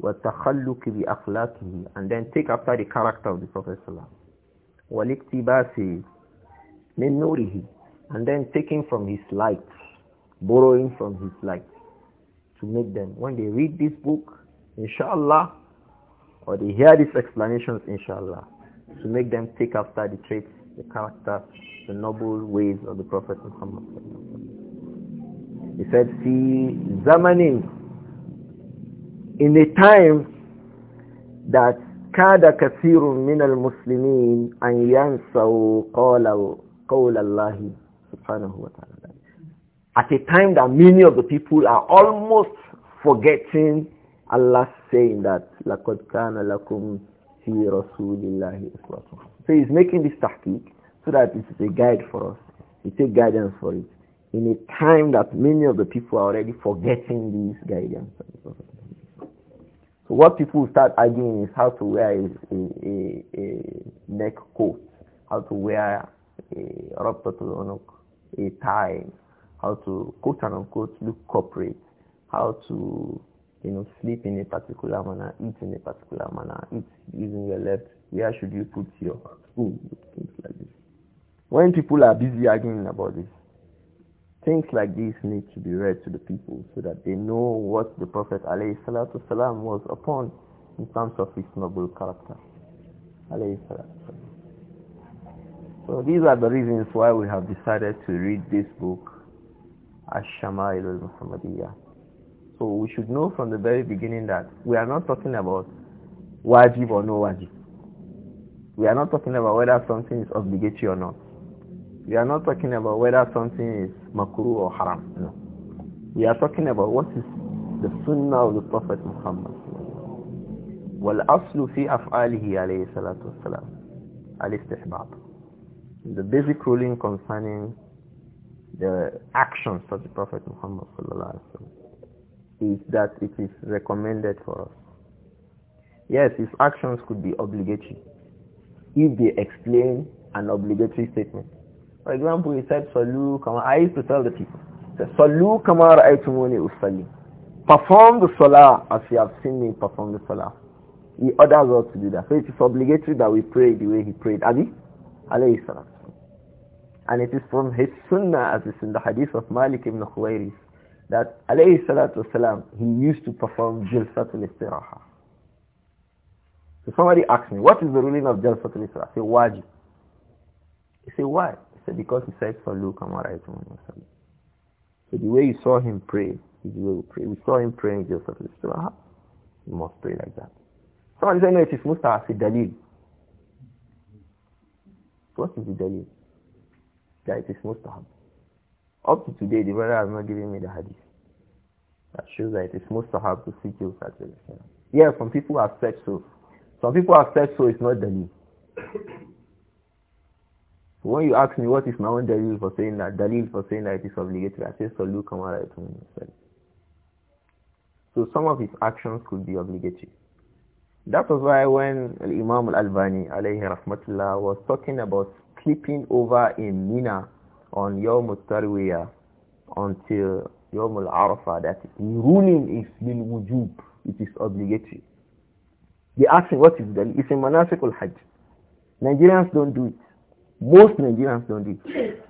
عليه وسلم and then take after the character of the Prophet صلى الله عليه وسلم والاقتباس من نوره and then taking from his light borrowing from his light to make them when they read this book inshallah or they hear these explanations inshallah to make them take after the traits the character, the noble ways of the Prophet Muhammad. He said, "See, zamanin, in a time that kada kathirun min al-muslimin an yansa'u qawla Allah subhanahu wa ta'ala." At a time that many of the people are almost forgetting Allah saying that لَقَدْ كَانَ lakum فِي Rasulillahi اللَّهِ so he's making this tahqiq so that it is a guide for us. It's a guidance for it. In a time that many of the people are already forgetting this guidance. So what people start arguing is how to wear a, a, a neck coat, how to wear a raptatul a tie, how to quote and unquote look corporate, how to you know sleep in a particular manner, eat in a particular manner, eat using your left where should you put your food? Things like this. When people are busy arguing about this, things like this need to be read to the people so that they know what the Prophet ﷺ was upon in terms of his noble character. So these are the reasons why we have decided to read this book, Ash-Shama'il al So we should know from the very beginning that we are not talking about wajib or no wajib. We are not talking about whether something is obligatory or not. We are not talking about whether something is makruh or haram. No. We are talking about what is the sunnah of the Prophet Muhammad. والأصل في أفعاله عليه الصلاة والسلام The basic ruling concerning the actions of the Prophet Muhammad is that it is recommended for us. Yes, his actions could be obligatory if they explain an obligatory statement. For example, he said, Salu kama. I used to tell the people, Salu kama ra'aytumuni usalli. Perform the salah as you have seen me perform the salah. He orders us to do that. So it is obligatory that we pray the way he prayed. Ali, Alayhi salam. And it is from his sunnah, as is in the hadith of Malik ibn Khuwairis, that alayhi salatu salam, he used to perform jilsatul istiraha. So somebody asked me, what is the ruling of Jalsatul Isra? I say, why? He said, why? He said, because he said, Salu kamaraitum So the way you saw him pray is the way we pray. We saw him praying Jalsatul Isra. You must pray like that. Somebody said, no, it is Musa. I said, Dalil. What is the Dalil? That it is mustahab. Up to today, the brother has not given me the hadith. That shows that it is mustahab to see you at Yes, some people have said so. Some people have said so it's not dalil. so when you ask me what is my own dalil for saying that, dalil for saying that it is obligatory, I say salu kamara So some of his actions could be obligatory. That was why when al Imam Al-Albani alayhi rahmatullah was talking about sleeping over in Mina on Yawm al until Yawm al-Arafah that in ruling is min wujub, it is obligatory. They ask him, what is done. It's a monastical hajj. Nigerians don't do it. Most Nigerians don't do it.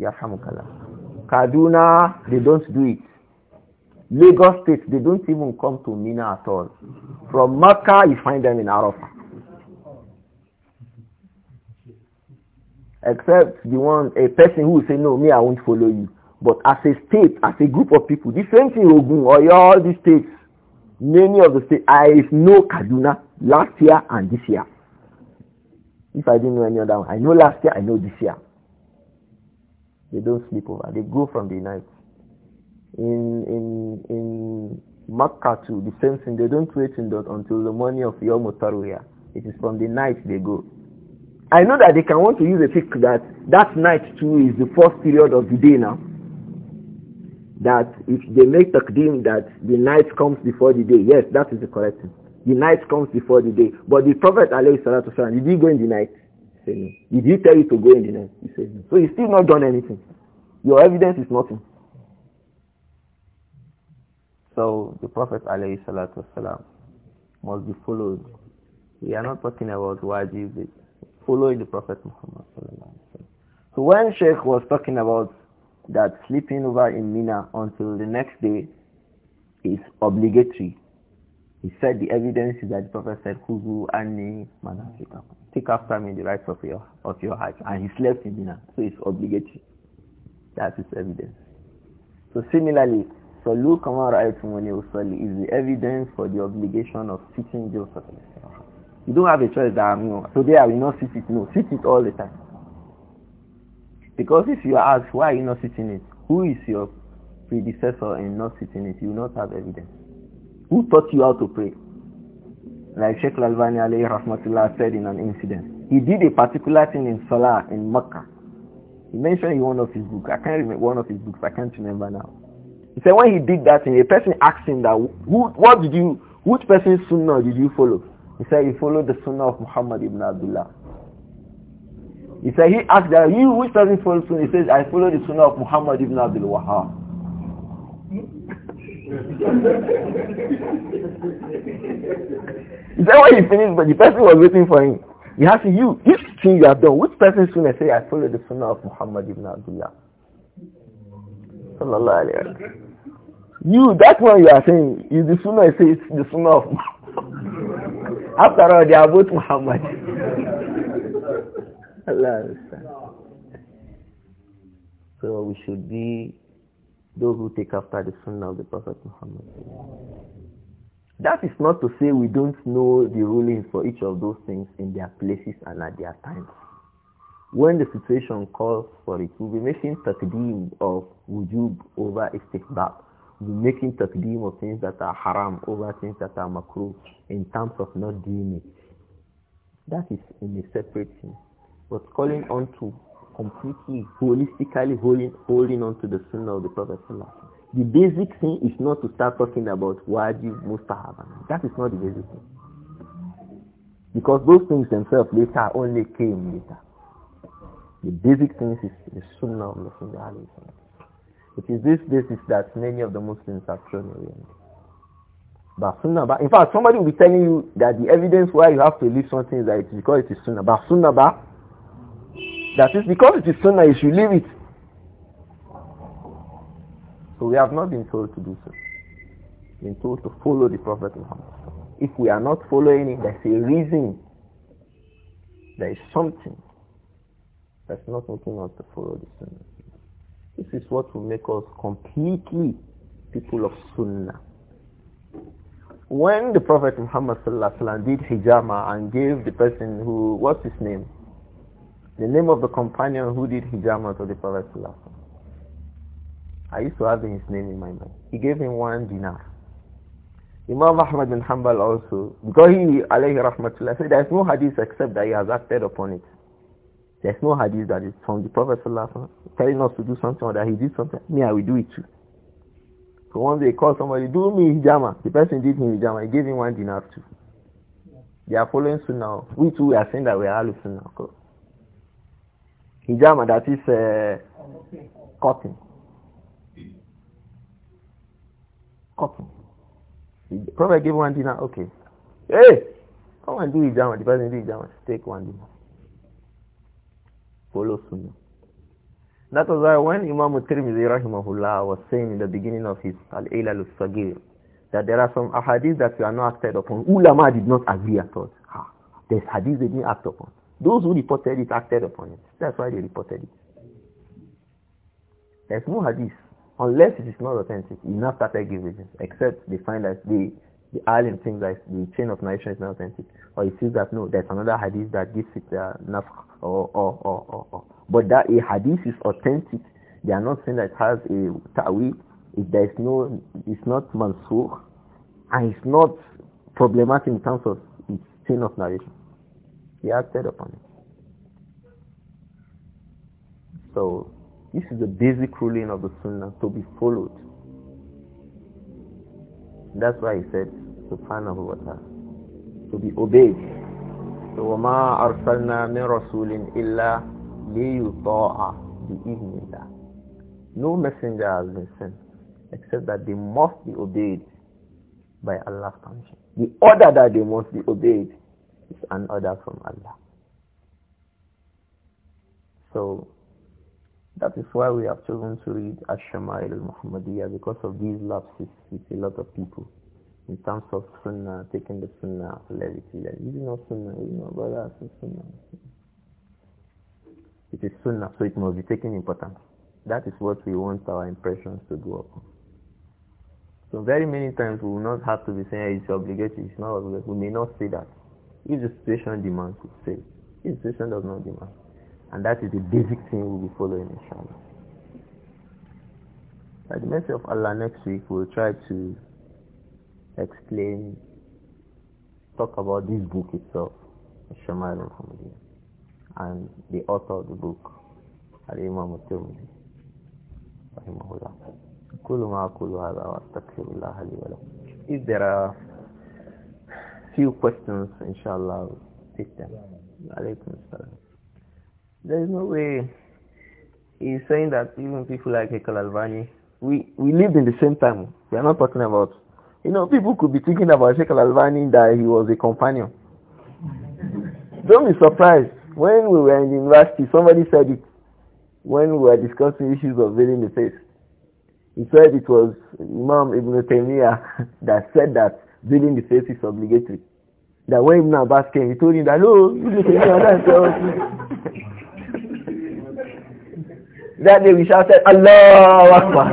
Yahamukala. Kaduna, they don't do it. Lagos State, they don't even come to Mina at all. From Makkah, you find them in Arafah. Except the one, a person who will say, no, me, I won't follow you. But as a state, as a group of people, the same thing Ogun, Oyo, all these states, Many of the states, I know Kaduna last year and this year. If I didn't know any other one, I know last year, I know this year. They don't sleep over. They go from the night. In in in Makkah too, the same thing. They don't wait in that until the morning of your Taruya. It is from the night they go. I know that they can want to use a fake that that night too is the first period of the day now that if they make takdim that the night comes before the day, yes, that is the correct thing. The night comes before the day. But the Prophet والسلام, did he go in the night? He said no. Did he tell you to go in the night? He said no. So he's still not done anything. Your evidence is nothing. So the Prophet والسلام, must be followed. We are not talking about wajib, following the Prophet Muhammad. So when Sheikh was talking about that sleeping over in Mina until the next day is obligatory. He said the evidence is that the Prophet said, Huzu anni manasikakum. Take after me the rights of your, of your hajj. And he slept in Mina. So it's obligatory. That is evidence. So similarly, Salu kama ra'aytumuni usalli is the evidence for the obligation of sitting Joseph. You don't have a choice that I'm, you know, today I will not sit it. No, sit it all the time. Because if you ask why are you not sitting it, who is your predecessor in not sitting it, you will not have evidence. Who taught you how to pray? Like Sheikh Al-Albani alayhi rahmatullah said in an incident. He did a particular thing in Salah in Makkah. He mentioned in one of his books. I can't remember one of his books. I can't remember now. He said when he did that thing, a person asked him that, who, what did you, which person's sunnah did you follow? He said he followed the sunnah of Muhammad ibn Abdullah. He said, he asked that, you which doesn't follow sunnah? He says, I follow the sunnah of Muhammad ibn Abdul Wahab. he said, when he finished, but the person was waiting for him. He asked you, each thing you have done, which person's sunnah? Say, I follow the sunnah of Muhammad ibn Abdullah. Sallallahu alayhi wa You, that one you are saying, is the sunnah, I say, it's the sunnah of [laughs] Muhammad. After all, they are both Muhammad. Allah So we should be those who take after the sunnah of the Prophet Muhammad. That is not to say we don't know the rulings for each of those things in their places and at their times. When the situation calls for it, we'll be making taqdeem of wujub over istihbab. We'll be making taqdeem of things that are haram over things that are makruh in terms of not doing it. That is in a separate thing. But calling on to completely, holistically holding, holding on to the sunnah of the Prophet The basic thing is not to start talking about wajib, mustahab. That is not the basic thing. Because those things themselves later only came later. The basic thing is the sunnah of the Prophet. It is this basis that many of the Muslims have thrown away. But sunnah, in fact, somebody will be telling you that the evidence why you have to leave something is that it's because it is sunnah. But sunnah, that is because it is sunnah, you should leave it. So we have not been told to do so. We've been told to follow the Prophet Muhammad. If we are not following it, there's a reason. There is something that's not making us to follow the sunnah. This is what will make us completely people of sunnah. When the Prophet Muhammad did hijama and gave the person who, what's his name? The name of the companion who did hijama to the Prophet I used to have his name in my mind. He gave him one dinar. Imam Ahmad bin Hanbal also, because he, alayhi rahmatullah, said there's no hadith except that he has acted upon it. There's no hadith that is from the Prophet sallallahu telling us to do something or that he did something. Me, I will do it too. So one day he called somebody, do me hijama. The person did him hijama. He gave him one dinar too. They are following sunnah. We too we are saying that we are following. sunnah hijama that is uh, cotton cotton the prophet gave one dinar okay hey come and do hijama the person do hijama take one follow soon. that was why when Imam Tirmidhi was saying in the beginning of his Al-Ilal al-Sagir that there are some hadiths that are not acted upon. Ulama did not agree at all. Ah, there's hadith they didn't act upon. Those who reported it acted upon it. That's why they reported it. There's no hadith. Unless it is not authentic, that now give giving except they find that the the alim thinks that the chain of narration is not authentic, or he sees that no, there's another hadith that gives it uh, nafkh or, or or or or. But that a hadith is authentic, they are not saying that it has a tawi. If there is no, it's not mansur, and it's not problematic in terms of its chain of narration. He acted upon it. So this is the basic ruling of the Sunnah to be followed. That's why he said, Subhanahu wa ta'ala, to be obeyed. So وَمَا أَرْسَلْنَا مِنْ رَسُولٍ إِلَّا لِيُطَاعَ بِإِذْنِ اللَّهِ No messenger has been sent except that they must be obeyed by Allah's permission. The order that they must be obeyed is an order from Allah. So that is why we have chosen to read Ash-Shama'il al-Muhammadiyya because of these lapses with a lot of people in terms of Sunnah, taking the Sunnah levity. You know Sunnah, you know brother, Sunnah. It is Sunnah, so it must be taken important. That is what we want our impressions to go upon. So very many times we will not have to be saying it's obligatory, it's not obligatory. We may not say that. If the situation demands, we say. If the situation does not demand. And that is the basic thing we'll be following, inshallah. By the mercy of Allah, next week we'll try to explain, talk about this book itself, Shamal al and the author of the book, Al-Imam al-Tirmidhi, rahimahullah. كل ما أقول هذا وأستغفر الله لي ولكم. If there are few questions, inshallah, take them. There is no way he's saying that even people like Hekel Albani, we, we lived in the same time. We are not talking about, you know, people could be thinking about Hekel Albani that he was a companion. [laughs] Don't be surprised. When we were in university, somebody said it when we were discussing issues of veiling the face. He said it was Imam Ibn Taymiyyah [laughs] that said that veiling the face is obligatory. That when Ibn Abbas came, he told him that, no, you look at me That day we shouted, Allah Akbar.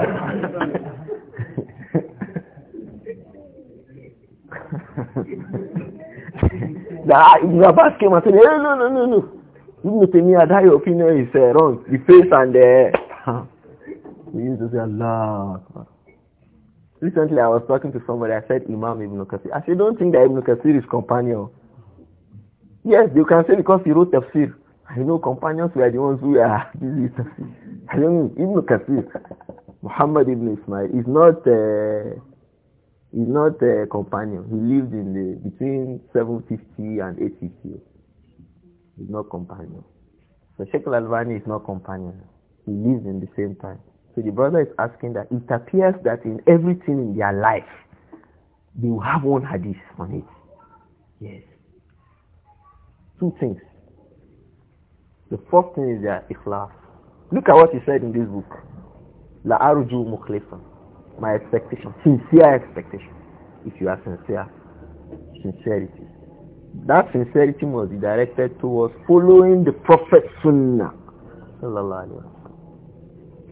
[laughs] that Ibn Abbas came and said, hey, no, no, no, no. Ibn Taymiyyah, that your opinion is uh, wrong. The face and the... Uh, [laughs] we used to say, Allah Akbar. Recently, I was talking to somebody. I said Imam Ibn Kathir. I said, don't think that Ibn Kathir is companion. Yes, you can say because he wrote tafsir. I know companions were the ones who are [laughs] busy tafsir. I don't know. Ibn Kathir, Muhammad Ibn Ismail, is not uh, is not a companion. He lived in the between 750 and 850. He's not companion. So Sheikh Al-Albani is not companion. He lived in the same time. So the brother is asking that it appears that in everything in their life, they will have one hadith on it. Yes. Two things. The first thing is their ikhlas. Look at what he said in this book. La arju mukhlifa. My expectation, sincere expectation. If you are sincere, sincerity. That sincerity must be directed towards following the Prophet's sunnah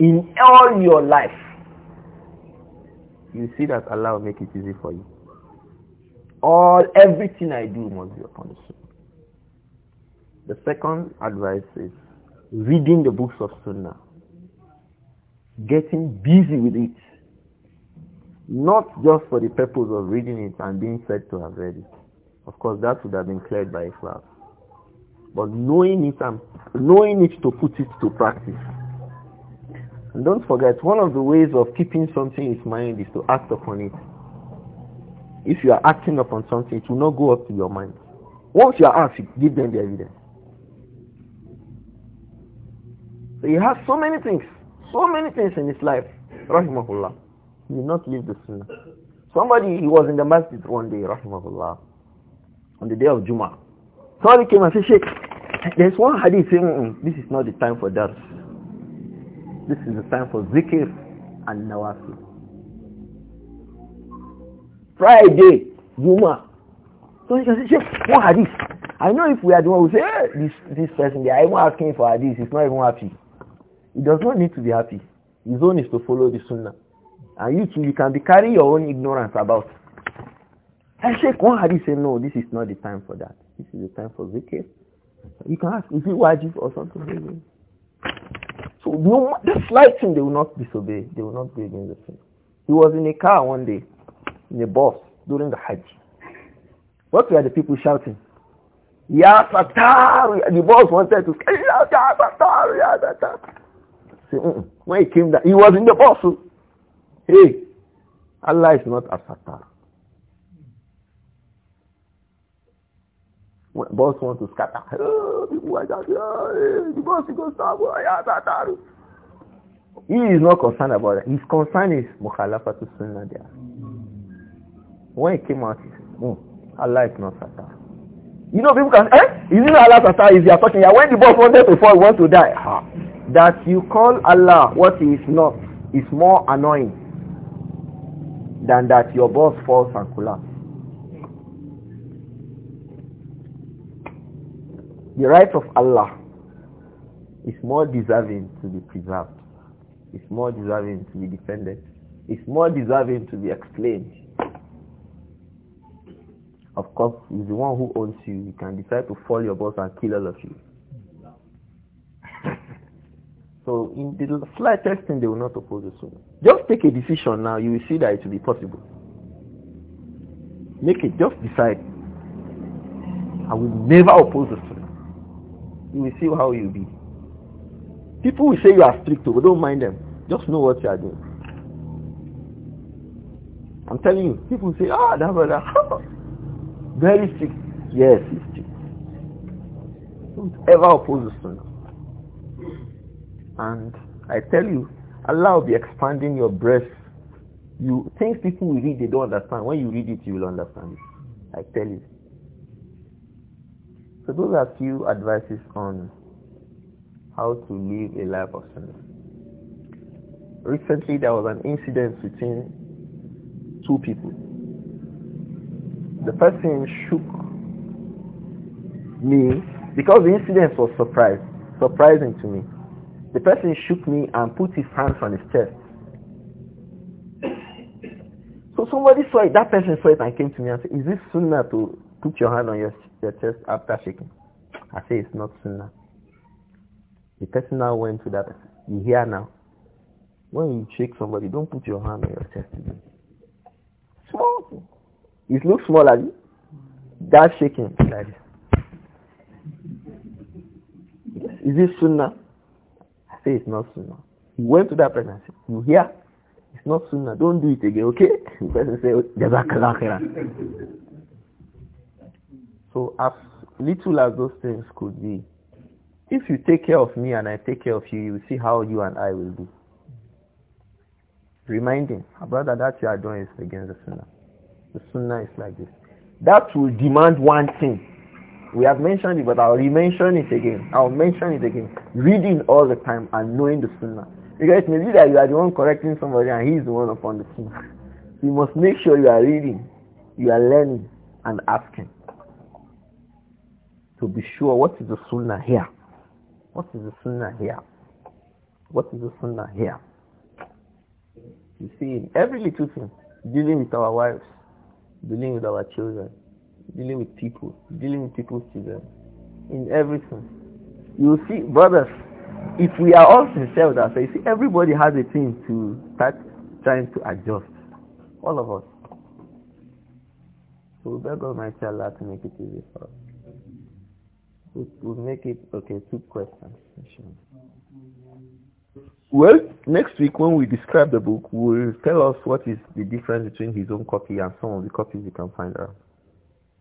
in all your life, you see that Allah will make it easy for you. All, everything I do must be upon the The second advice is reading the books of Sunnah. Getting busy with it. Not just for the purpose of reading it and being said to have read it. Of course, that would have been cleared by Islam. But knowing it and knowing it to put it to practice and don't forget, one of the ways of keeping something in mind is to act upon it. If you are acting upon something, it will not go up to your mind. Once you are asked, give them the evidence. So he has so many things, so many things in his life. Rahimahullah. He did not leave the sunnah. Somebody, he was in the masjid one day, Rahimahullah, on the day of Juma, Somebody came and said, Sheikh, there's one hadith saying, mm, this is not the time for that. This is the time for zikr and nawafil. Friday, Juma. So you can say, what these? I know if we are the one who say, hey, eh, this, this person, they are even asking for hadith, he's not even happy. He does not need to be happy. His own is to follow the sunnah. And you too, you can be carrying your own ignorance about. I Sheikh, one hadith say, no, this is not the time for that. This is the time for zikr. You can ask, is it wajib or something? So no, the slight thing, they will not disobey. They will not be against the thing. He was in a car one day, in a bus, during the Hajj. What were the people shouting? Ya Satar! The boss wanted to say, Ya Satar! Ya So, When he came down, he was in the bus. Oh. Hey, Allah is not a Satar. Boss want to scatter. [laughs] Oh, people are just, oh, the boss is going to stop. Oh, he is not concerned about that. His concern is Mukhalafa to Sunnah there. When he came out, he said, oh, Allah is not Satan. You know, people can say, eh? Is it Allah Satan? Is he talking? Yeah, when the boss wanted to fall, want to die. That you call Allah what he is not is more annoying than that your boss falls and collapses. the right of Allah is more deserving to be preserved. It's more deserving to be defended. It's more deserving to be explained. Of course, he's the one who owns you. He can decide to fall your boss and kill all of you. [laughs] so in the slightest thing, they will not oppose the sunnah. Just take a decision now. You will see that it will be possible. Make it. Just decide. I will never oppose the sunnah you will see how you'll be. People will say you are strict, but oh, don't mind them. Just know what you are doing. I'm telling you, people say, ah, that brother, [laughs] very strict. Yes, he's strict. Don't ever oppose the sunnah. And I tell you, Allah will be expanding your breast. You things people will read, they don't understand. When you read it, you will understand it. I tell you. So those are few advices on how to live a life of sin. Recently there was an incident between two people. The person shook me because the incident was surprise, surprising to me. The person shook me and put his hands on his chest. So somebody saw it, that person saw it and came to me and said, is this sunnah to put your hand on your your chest after shaking. I say it's not sunnah. The person now went to that. You hear now. When you shake somebody, don't put your hand on your chest again. Small. It looks small as you. That shaking like this. Is it sunnah? I say it's not sunnah. He went to that person and said, you hear? It's not sunnah. Don't do it again, okay? [laughs] The person said, oh, Jazakallah so as little as those things could be, if you take care of me and I take care of you, you will see how you and I will be. Reminding, brother, that you are doing is against the sunnah. The sunnah is like this. That will demand one thing. We have mentioned it, but I'll mention it again. I'll mention it again. Reading all the time and knowing the sunnah. Because maybe may that you are the one correcting somebody and he is the one upon the sunnah. You must make sure you are reading, you are learning, and asking to be sure what is the sunnah here. What is the sunnah here? What is the sunnah here? You see, every little thing, dealing with our wives, dealing with our children, dealing with people, dealing with people's children, in everything. You see, brothers, if we are all sincere with ourselves, you see, everybody has a thing to start trying to adjust. All of us. So we beg Almighty Allah to make it easy for us. We'll, we'll make it, okay, two questions. Well, next week when we describe the book, we'll tell us what is the difference between his own copy and some of the copies you can find around.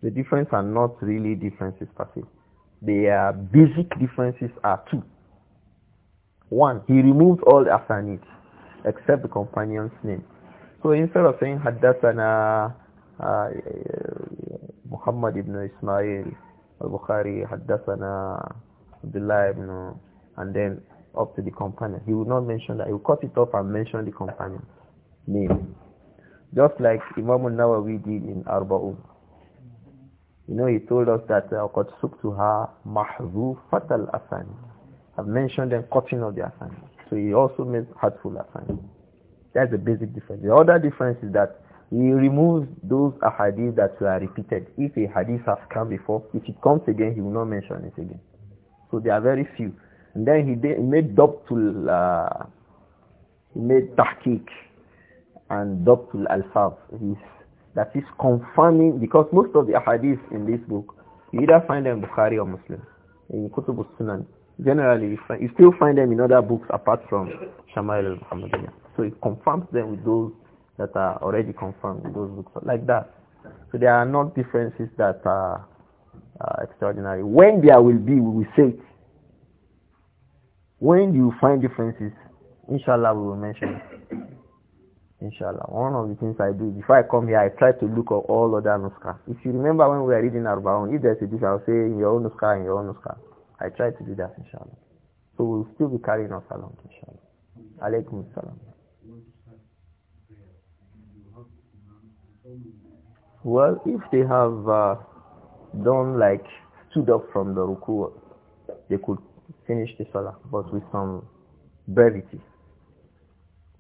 The difference are not really differences per se. are basic differences are two. One, he removed all the asanid except the companion's name. So instead of saying Haddathana uh, uh Muhammad ibn Ismail, al-Bukhari, Haddathana, Abdullah ibn, and then up to the companion. He would not mention that. He would cut it off and mention the companion name. Just like Imam al-Nawawi did in Arba'un. You know, he told us that وَقَدْ Fatal مَحْذُوفَةَ الْأَثَانِ I've mentioned them cutting of the asan. So he also made hurtful asan. That's the basic difference. The other difference is that we remove those hadiths that were repeated. If a hadith has come before, if it comes again, he will not mention it again. So there are very few. And then he, he made Dabtul, uh, he made Tahqiq and Dabtul Al-Fab. That is confirming, because most of the hadiths in this book, you either find them Bukhari or Muslim, in Kutub sunan Generally, you, find, you still find them in other books apart from Shama'il al Hamadani. So it confirms them with those that are already confirmed in those books, like that. So there are not differences that are, extraordinary. When there will be, we will say it. When you find differences, inshallah, we will mention it. Inshallah. One of the things I do, before I come here, I try to look at all other nuskah. If you remember when we were reading Arbaun, if there's a difference, I'll say in your own nuskah, in your own nuskah. I try to do that, inshallah. So we'll still be carrying us along, inshallah. Alaykum salam. Well, if they have uh, done like stood up from the ruku, they could finish the salah, but with some brevity.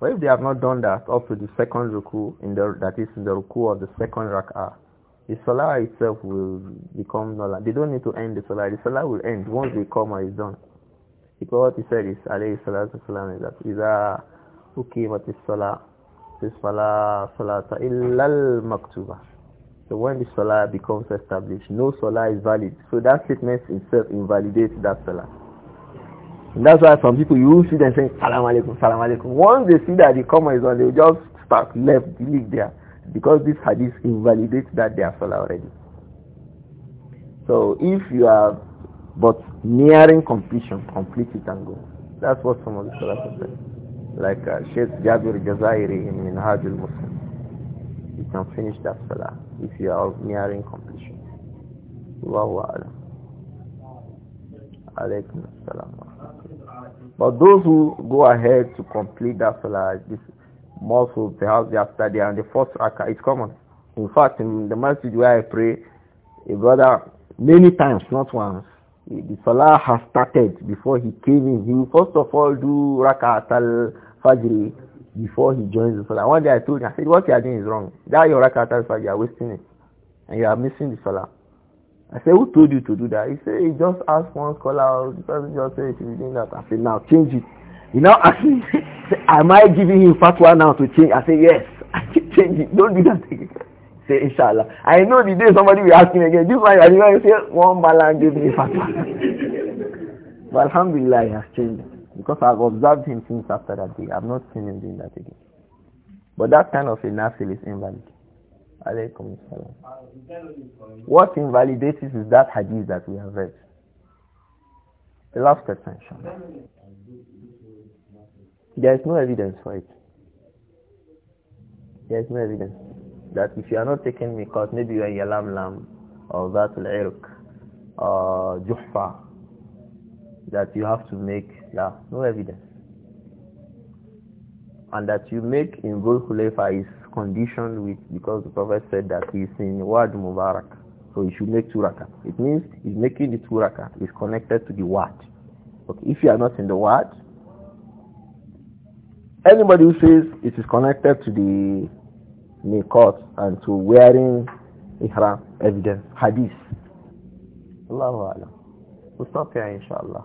But if they have not done that up to the second ruku, in the, that is in the ruku of the second rak'ah, the salah itself will become null. They don't need to end the salah. The salah will end once the comma is done. Because what he said is, alayhi salatu salam, is that, إِذَا salah, الصَّلَاةِ فَلَا صَلَاةَ إِلَّا الْمَكْتُوبَةِ so when the salah becomes established, no salah is valid. So that statement itself invalidates that salah. And that's why some people you see them saying salam alaikum, salam alaikum. Once they see that the comma is on, they just start left leave there because this hadith invalidates that their salah already. So if you are but nearing completion, complete it and go. That's what some of the scholars have said. Like uh, Sheikh Jabir Jazairi in Minhajul Muslim you can finish that salah if you are nearing completion. Alaykum But those who go ahead to complete that salah, this most will perhaps after they are and the first rakah, is common. In fact, in the message where I pray, a brother, many times, not once, the salah has started before he came in. He will first of all do rakah al-fajr before he joins the salah. One day I told him, I said, what you are doing is wrong. That your rakat you are wasting it. And you are missing the salah. I said, who told you to do that? He said, he just asked one scholar, the person just said, if you doing that, I said, now change it. You know, I said, am I giving him fatwa now to change? I said, yes. [laughs] I change it. Don't do that again. Say, inshallah. I know the day somebody will ask me again, this man, I didn't say, one balan gave me fatwa. [laughs] but alhamdulillah, he has changed because I've observed him since after that day. I've not seen him doing that again. But that kind of a nafil is invalid. What invalidates is that hadith that we have read. The last attention. There is no evidence for it. There is no evidence. That if you are not taking because maybe you are Yalam Lam or that al jufa, or Juhfa, that you have to make yeah, no evidence. And that you make in Dhul Khulaifa is conditioned with, because the Prophet said that he's in Wad Mubarak. So you should make two rakah. It means he's making the two rakah. It's connected to the Wad. Okay, if you are not in the Wad, anybody who says it is connected to the Mikot and to wearing ihram evidence, hadith. Allahu Alam. We'll stop here inshallah.